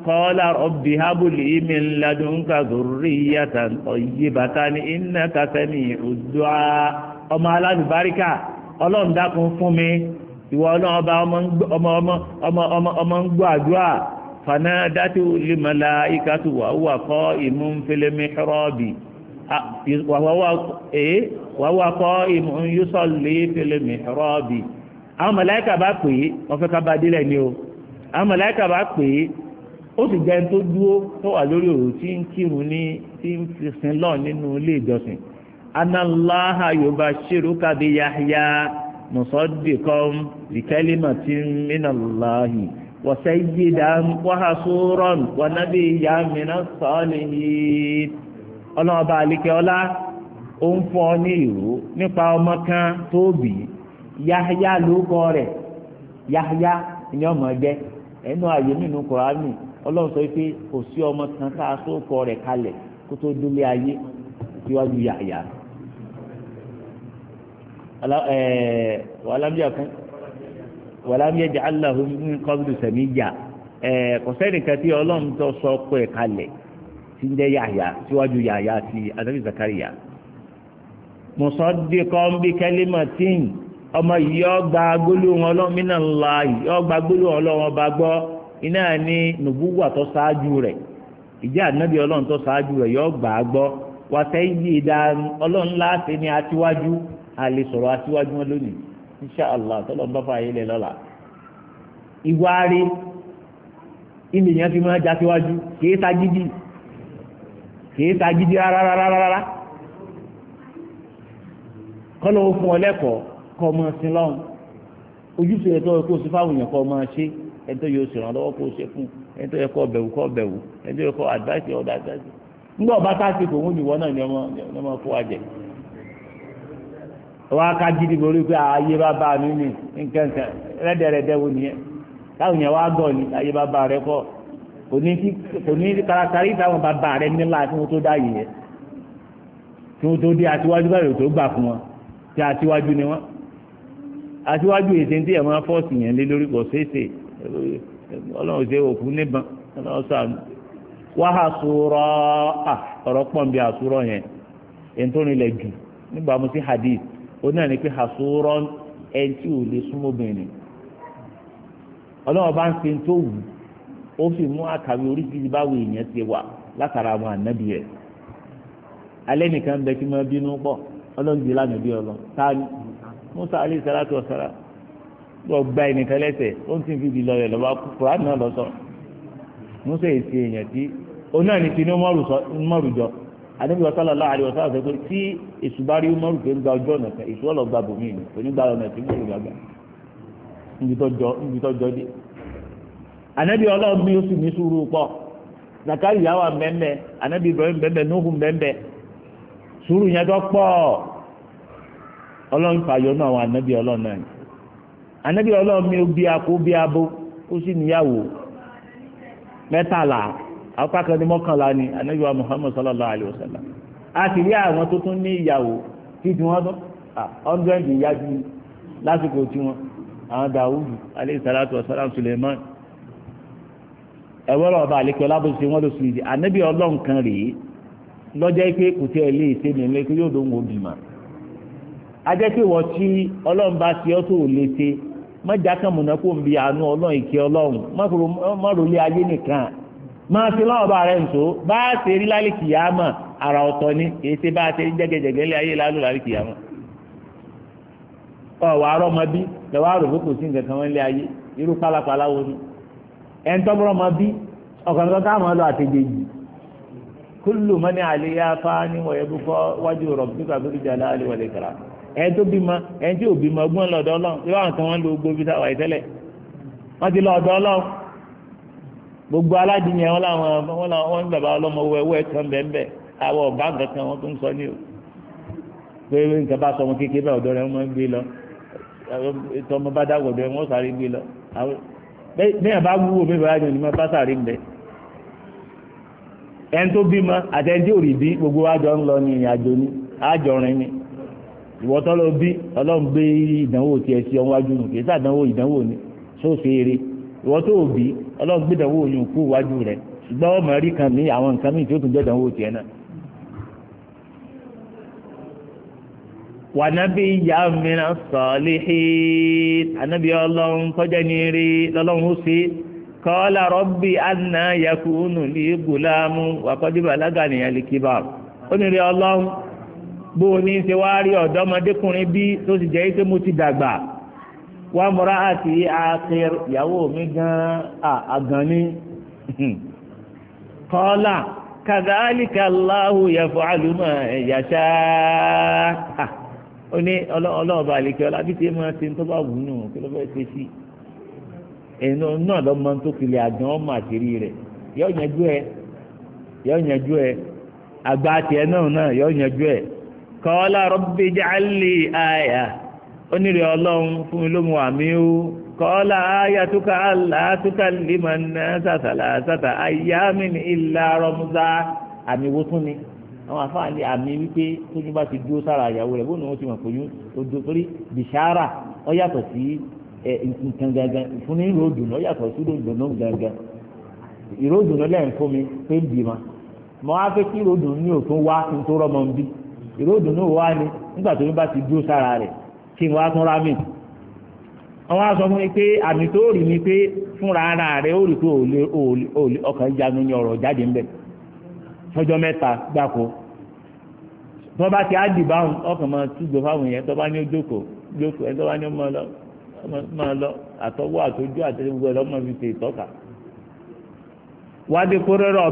kọ́ọ́lá rọ̀bì hábùlì ìmì ńladùnkà zòrí yàtà ọ̀yí bàtà ní iná kàtẹ́mì ọ̀dọ́à ọmọ alábìbáríkà ọlọ́ndàkùn fún mi ìwọ ọlọ́wọ́bá ọmọ ń gbọ́ àdúrà fanadatu limala ikatu wàhùwà kọ́ ìmú fil mihrabi wàwọ́ akọ́ e, ìmọ̀ yusuf lè fẹlẹ̀ mi rọ́ọ̀bì àwọn mọ̀láìkà bá pè é wọ́n fẹ́ ká bá délẹ̀ ni o àwọn mọ̀láìkà bá pè é ó sì jẹ́ tó dúró tó wà lórí ọ̀rọ̀ tí ń kírun ní tí ń fi sin lọ́ọ̀ nínú ilé ìjọsìn anallaha yubashiruka bi Yahya musaddiqan bi kalimatin minallahi wa sayyidan wa hasuran wa nabiyyan minas salihin. ọlọ́ọ̀bá àlekẹ́ ọlá ó ń fọ́ ní ìró nípa ọmọ kan tó bì í yáyá ló kọ́ rẹ̀ yáyá ni ọmọ jẹ́ ẹnu ààyè nínú kùránì ọlọ́run sọ pé kò sí ọmọ kan tá a tó kọ́ rẹ̀ kalẹ̀ kó tó ayé yáyá wàlámíyà aláhùn ní tí ń jẹ́ yàyà síwájú yàyà ti anabi zakariya musaddiqan bi kalimatin ọmọ yìí ọgbà gbólóhùn ọlọ́run ńlá yìí ọgbà gbólóhùn gbọ́ iná ni nùbúwà tó ṣáájú rẹ̀ ìjẹ́ ànábì ọlọ́run tó ṣáájú rẹ̀ yọ gbà á gbọ́ ọlọ́run láti ní insha allah bá lọ́la. ìwárí ilé yẹn fi máa kìí ta gidi rárárárá kọ́lọ́ fún ọ lẹ́kọ̀ọ́ kọ́ ọmọ sí lọ́hùn ojúṣe ẹ̀tọ́ ẹ̀kọ́ sí fáwọn èèyàn kọ́ ọmọ ṣe ẹ̀tọ́ yóò ṣèrànlọ́wọ́ kó ṣe fún ẹ̀tọ́ ẹ̀kọ́ bẹ̀wù kọ́ bẹ̀wù ẹ̀tọ́ ẹ̀kọ́ advice ọ̀dà advice nígbà ọba tásìkò òun ìwọ náà ni ọmọ kó wa jẹ wọn aka gidi borí pé ayé bá bá mi ní nǹkan nǹkan rẹ́dẹ̀rẹ́dẹ́ wo nìyẹn táwọn èèyàn wá gọ̀ ní ayé bá bá rẹ kọ́ kò ní karakari ìtàwọn bàbá rẹ nílá tí wọn tó dá yìí yẹ tí wọn tó dé àtiwájú báyìí tó gbà fún wọn tí àtiwájú ni wọn àtiwájú èsì ń tí ẹ̀ máa fọ́ọ̀sì yẹn lé lórí kò ṣeéṣe ọlọ́run ṣe òkú níbọn ọlọ́run sàánú wáhà sùúrọ̀ ọ̀rọ̀ pọ̀ ń àsúrọ̀ yẹn èyí tó rìnlẹ̀ jù nígbà mo ti hadith ó náà ní pé àsúrọ̀ ẹni tí ò lè súnmọ́ ó fi mú a oríṣiríṣi báwo èèyàn ti wà látara àwọn ànábì alẹ́ nìkan bẹ bínú pọ̀ ọlọ́run ti lánàá bí ọlọ́ táàní musa alẹ́ sàlátù ọ̀sára lọ gba ẹnìkan lẹ́sẹ̀ ó ń tì fi di lọ́yẹ̀ náà tí ti ní mọ́rù jọ ànábì ọ̀sálà láà àríwọ̀ sáà sọ pé tí èṣù bá rí anabi ọlọ́run bí ó sì ní sùúrù pọ̀ zakariya wà mbẹ́mbẹ́ anabi ibrahim mbẹ́mbẹ́ nuhu mbẹ́mbẹ́ sùúrù yẹn tó pọ̀ ọlọ́run fàyọ náà wà anabi ọlọ́run náà anabi mi bí akó bí ó sì níyàwó ní ni anabi wa muhammad sallallahu alayhi wa sallam a sì rí wọn ìyá lásìkò àwọn salatu wa salam suleiman. ẹ̀wọ́rọ̀ ọba àlekẹ́ ọlábòsí wọn ló sùn ìdí ànábì ọlọ́run kan rèé lọ́jọ́ pé kò tí ẹ lè ṣe ní ilé kí yóò òbí mà á jẹ́ pé wọ́n tí ọlọ́run bá tó lè ṣe kan mọ̀nà kó ń bi àánú ọlọ́run ìkẹ́ ọlọ́run a ṣe rí ara ọ̀tọ̀ ni kì í ṣe bá a ṣe jẹ́gẹ́jẹ́gẹ́ lé ayé ẹ̀ńtọ́bọ̀rọ̀ máa bí ọ̀kan tó táwọn ọlọ́ àtẹ̀jẹ̀jì kúlù mọ́ni àlẹ́yà fáání wọ̀nyẹ́ bukọ́ wájú rọ̀bùtúkà tó dìjà láàlẹ́ wọlé kàrà ẹ̀ tó bímọ ẹ̀ tí ò bímọ gbọ́n lọ́dọ̀ ọlọ́run tí wọ́n kan wọ́n lo gbóbi táwa ìtẹ́lẹ̀ wọ́n ti lọ ọ̀dọ̀ ọlọ́run gbogbo aládìyẹ wọn làwọn wọn làwọn wọn bàbá ọlọ́mọ wọ ẹwọ́ ẹ̀kan bẹ́ẹ̀ àwọn ọ̀gá kankan wọn tó ń sọ ní o bẹ́ẹ̀ bá wúwo bẹ́ẹ̀ bá yẹn ni mo bá sàrí ń bẹ ẹni tó bímọ àtẹ̀jẹ́ òrì bí gbogbo àjọ ń lọ ní ní ni bí ọlọ́run gbé ìdánwò tiẹ̀ sí ọwájú nù kì sàdánwò ìdánwò ni sóòsì eré ìwọ́tọ́ òbí ọlọ́run gbé ìdánwò yòókù wájú rẹ̀ ṣùgbọ́n ọmọ wà nábì yá mìíràn sọ̀lìhì ànábì ọlọ́run kọjá ní rí lọ́lọ́run ó sí kọ́lá rọ́bì àná yakunu ní gùlámù wàkọ́jú bàlágà nìyẹn lè kíbà ó ní rí ọlọ́run bó o ní ṣe wá rí ọ̀dọ́mọdékùnrin bí tó sì jẹ́ pé mo ti dàgbà wà múra àti àkìr ìyàwó mi gan àgàn ni kọ́lá kàdáàlì kàláhù yẹ fọ́ àlùmọ̀ ẹ̀yà ṣáá. ó ní ọlọ́ọ̀bà àlekè ọlá bí tiẹ̀ máa ti ń wù nù kí ló fẹ́ ṣe sí ẹnu náà lọ́mọ tó kiri àgbọn ọmọ àtìrí rẹ̀ yọ yanjú ẹ yanjú ẹ àgbà náà náà yanjú ẹ kọ́lá àyà onírè ọlọ́run fún mi ló mu àmì ni. àwọn àfáàní àmì wípé tójú bá ti dúró sára ìyàwó rẹ̀ bóun ni wọ́n ti mọ̀ odò torí bìsára ọ yàtọ̀ sí nǹkan gangan fún ní ìró ọ yàtọ̀ sí ìró òdùnà gangan ìró lẹ́yìn fún mi ma mọ á fẹ́ kí ìró ní òtún wá kí n tó ń bí ìró wá ni nígbà tójú bá ti dúró sára kí n wá tún àwọn aṣọ tó bá ti àdìbá ọkàn máa túgbò fáwọn èèyàn tó bá ní ojókòó jókòó ẹni tó bá ní ọmọ lọ àtọwọ́ àtọjú àtẹlẹ gbogbo ẹlọmọ fi ṣe wádìí kúrò rọ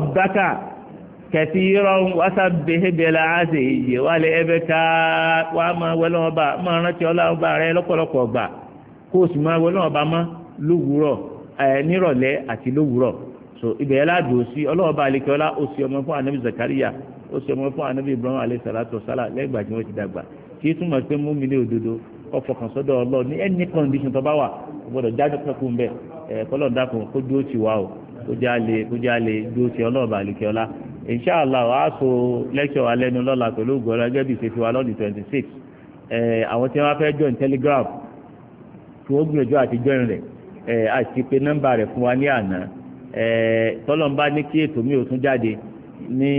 kẹsì yọrọ wáṣà bẹhẹbẹlẹ àṣẹ ìyè wálé ẹbẹ ká wà ọba rántí rẹ gbà kó sì so yẹn ládùn sí ó ṣe mọ́ fún anabi ibrahim alayhi salatu wasala lẹ́gbàá tí wọ́n ti dàgbà kí túmọ̀ pé mú mi ní òdodo ọkọ̀ kan sọ́dọ̀ ọlọ́ọ̀ ní any condition tó bá wà gbọ́dọ̀ jáde pẹ́kun bẹ́ẹ̀ ẹ̀ kọ́lọ̀ dákun kó dúró ti wá o kó já lè kó já lè dúró ti ọlọ́ọ̀bà àlùkẹ́ ọlá inshallah wàá so lecture wa lẹ́nu lọ́la pẹ̀lú ògbọ́n gẹ́gẹ́ bí ìṣèṣe wa lọ́dún twenty six ẹ̀ àwọn tí wọ́n fẹ́ join telegram tí wọ́n gbìyànjú àti join rẹ̀ ẹ̀ àti pé nọ́mbà rẹ̀ fún wa ní àná ẹ̀ tọ́lọ́mbá ní kí ètò mi ò tún jáde ní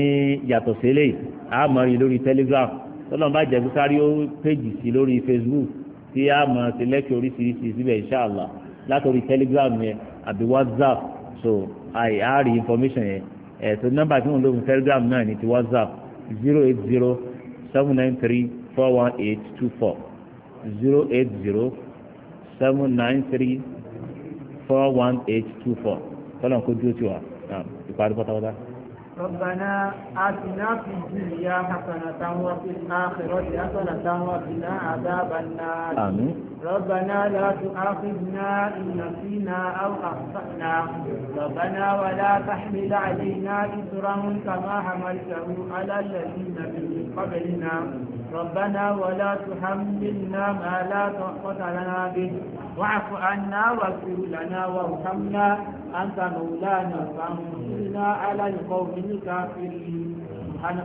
yàtọ̀ sílẹ̀ a máa rí lórí telegram tọ́lọ́n bá jẹ́ sáré ó péjì sí lórí facebook tí a máa ti lẹ́kì oríṣiríṣi síbẹ̀ inṣàlá látòrí telegram yẹn àbí whatsapp so àì á rí information yẹn ẹ̀ nọ́mbà tí wọ́n lò fún telegram náà ní ti whatsapp zero eight zero seven nine three four one eight two four zero eight zero seven nine three four one eight two four tọ́lọ́n kó dúró tiwa ìparí pátápátá. ربنا آتنا في الدنيا حسنة وفي الآخرة حسنة وقنا عذاب النار آمين ربنا لا تؤاخذنا إن نسينا أو أخطأنا ربنا ولا تحمل علينا إسرا كما حملته على الذين من قبلنا ربنا ولا تحملنا ما لا طاقة لنا به واعف عنا واغفر لنا وارحمنا أنت مولانا فانصرنا على القوم الكافرين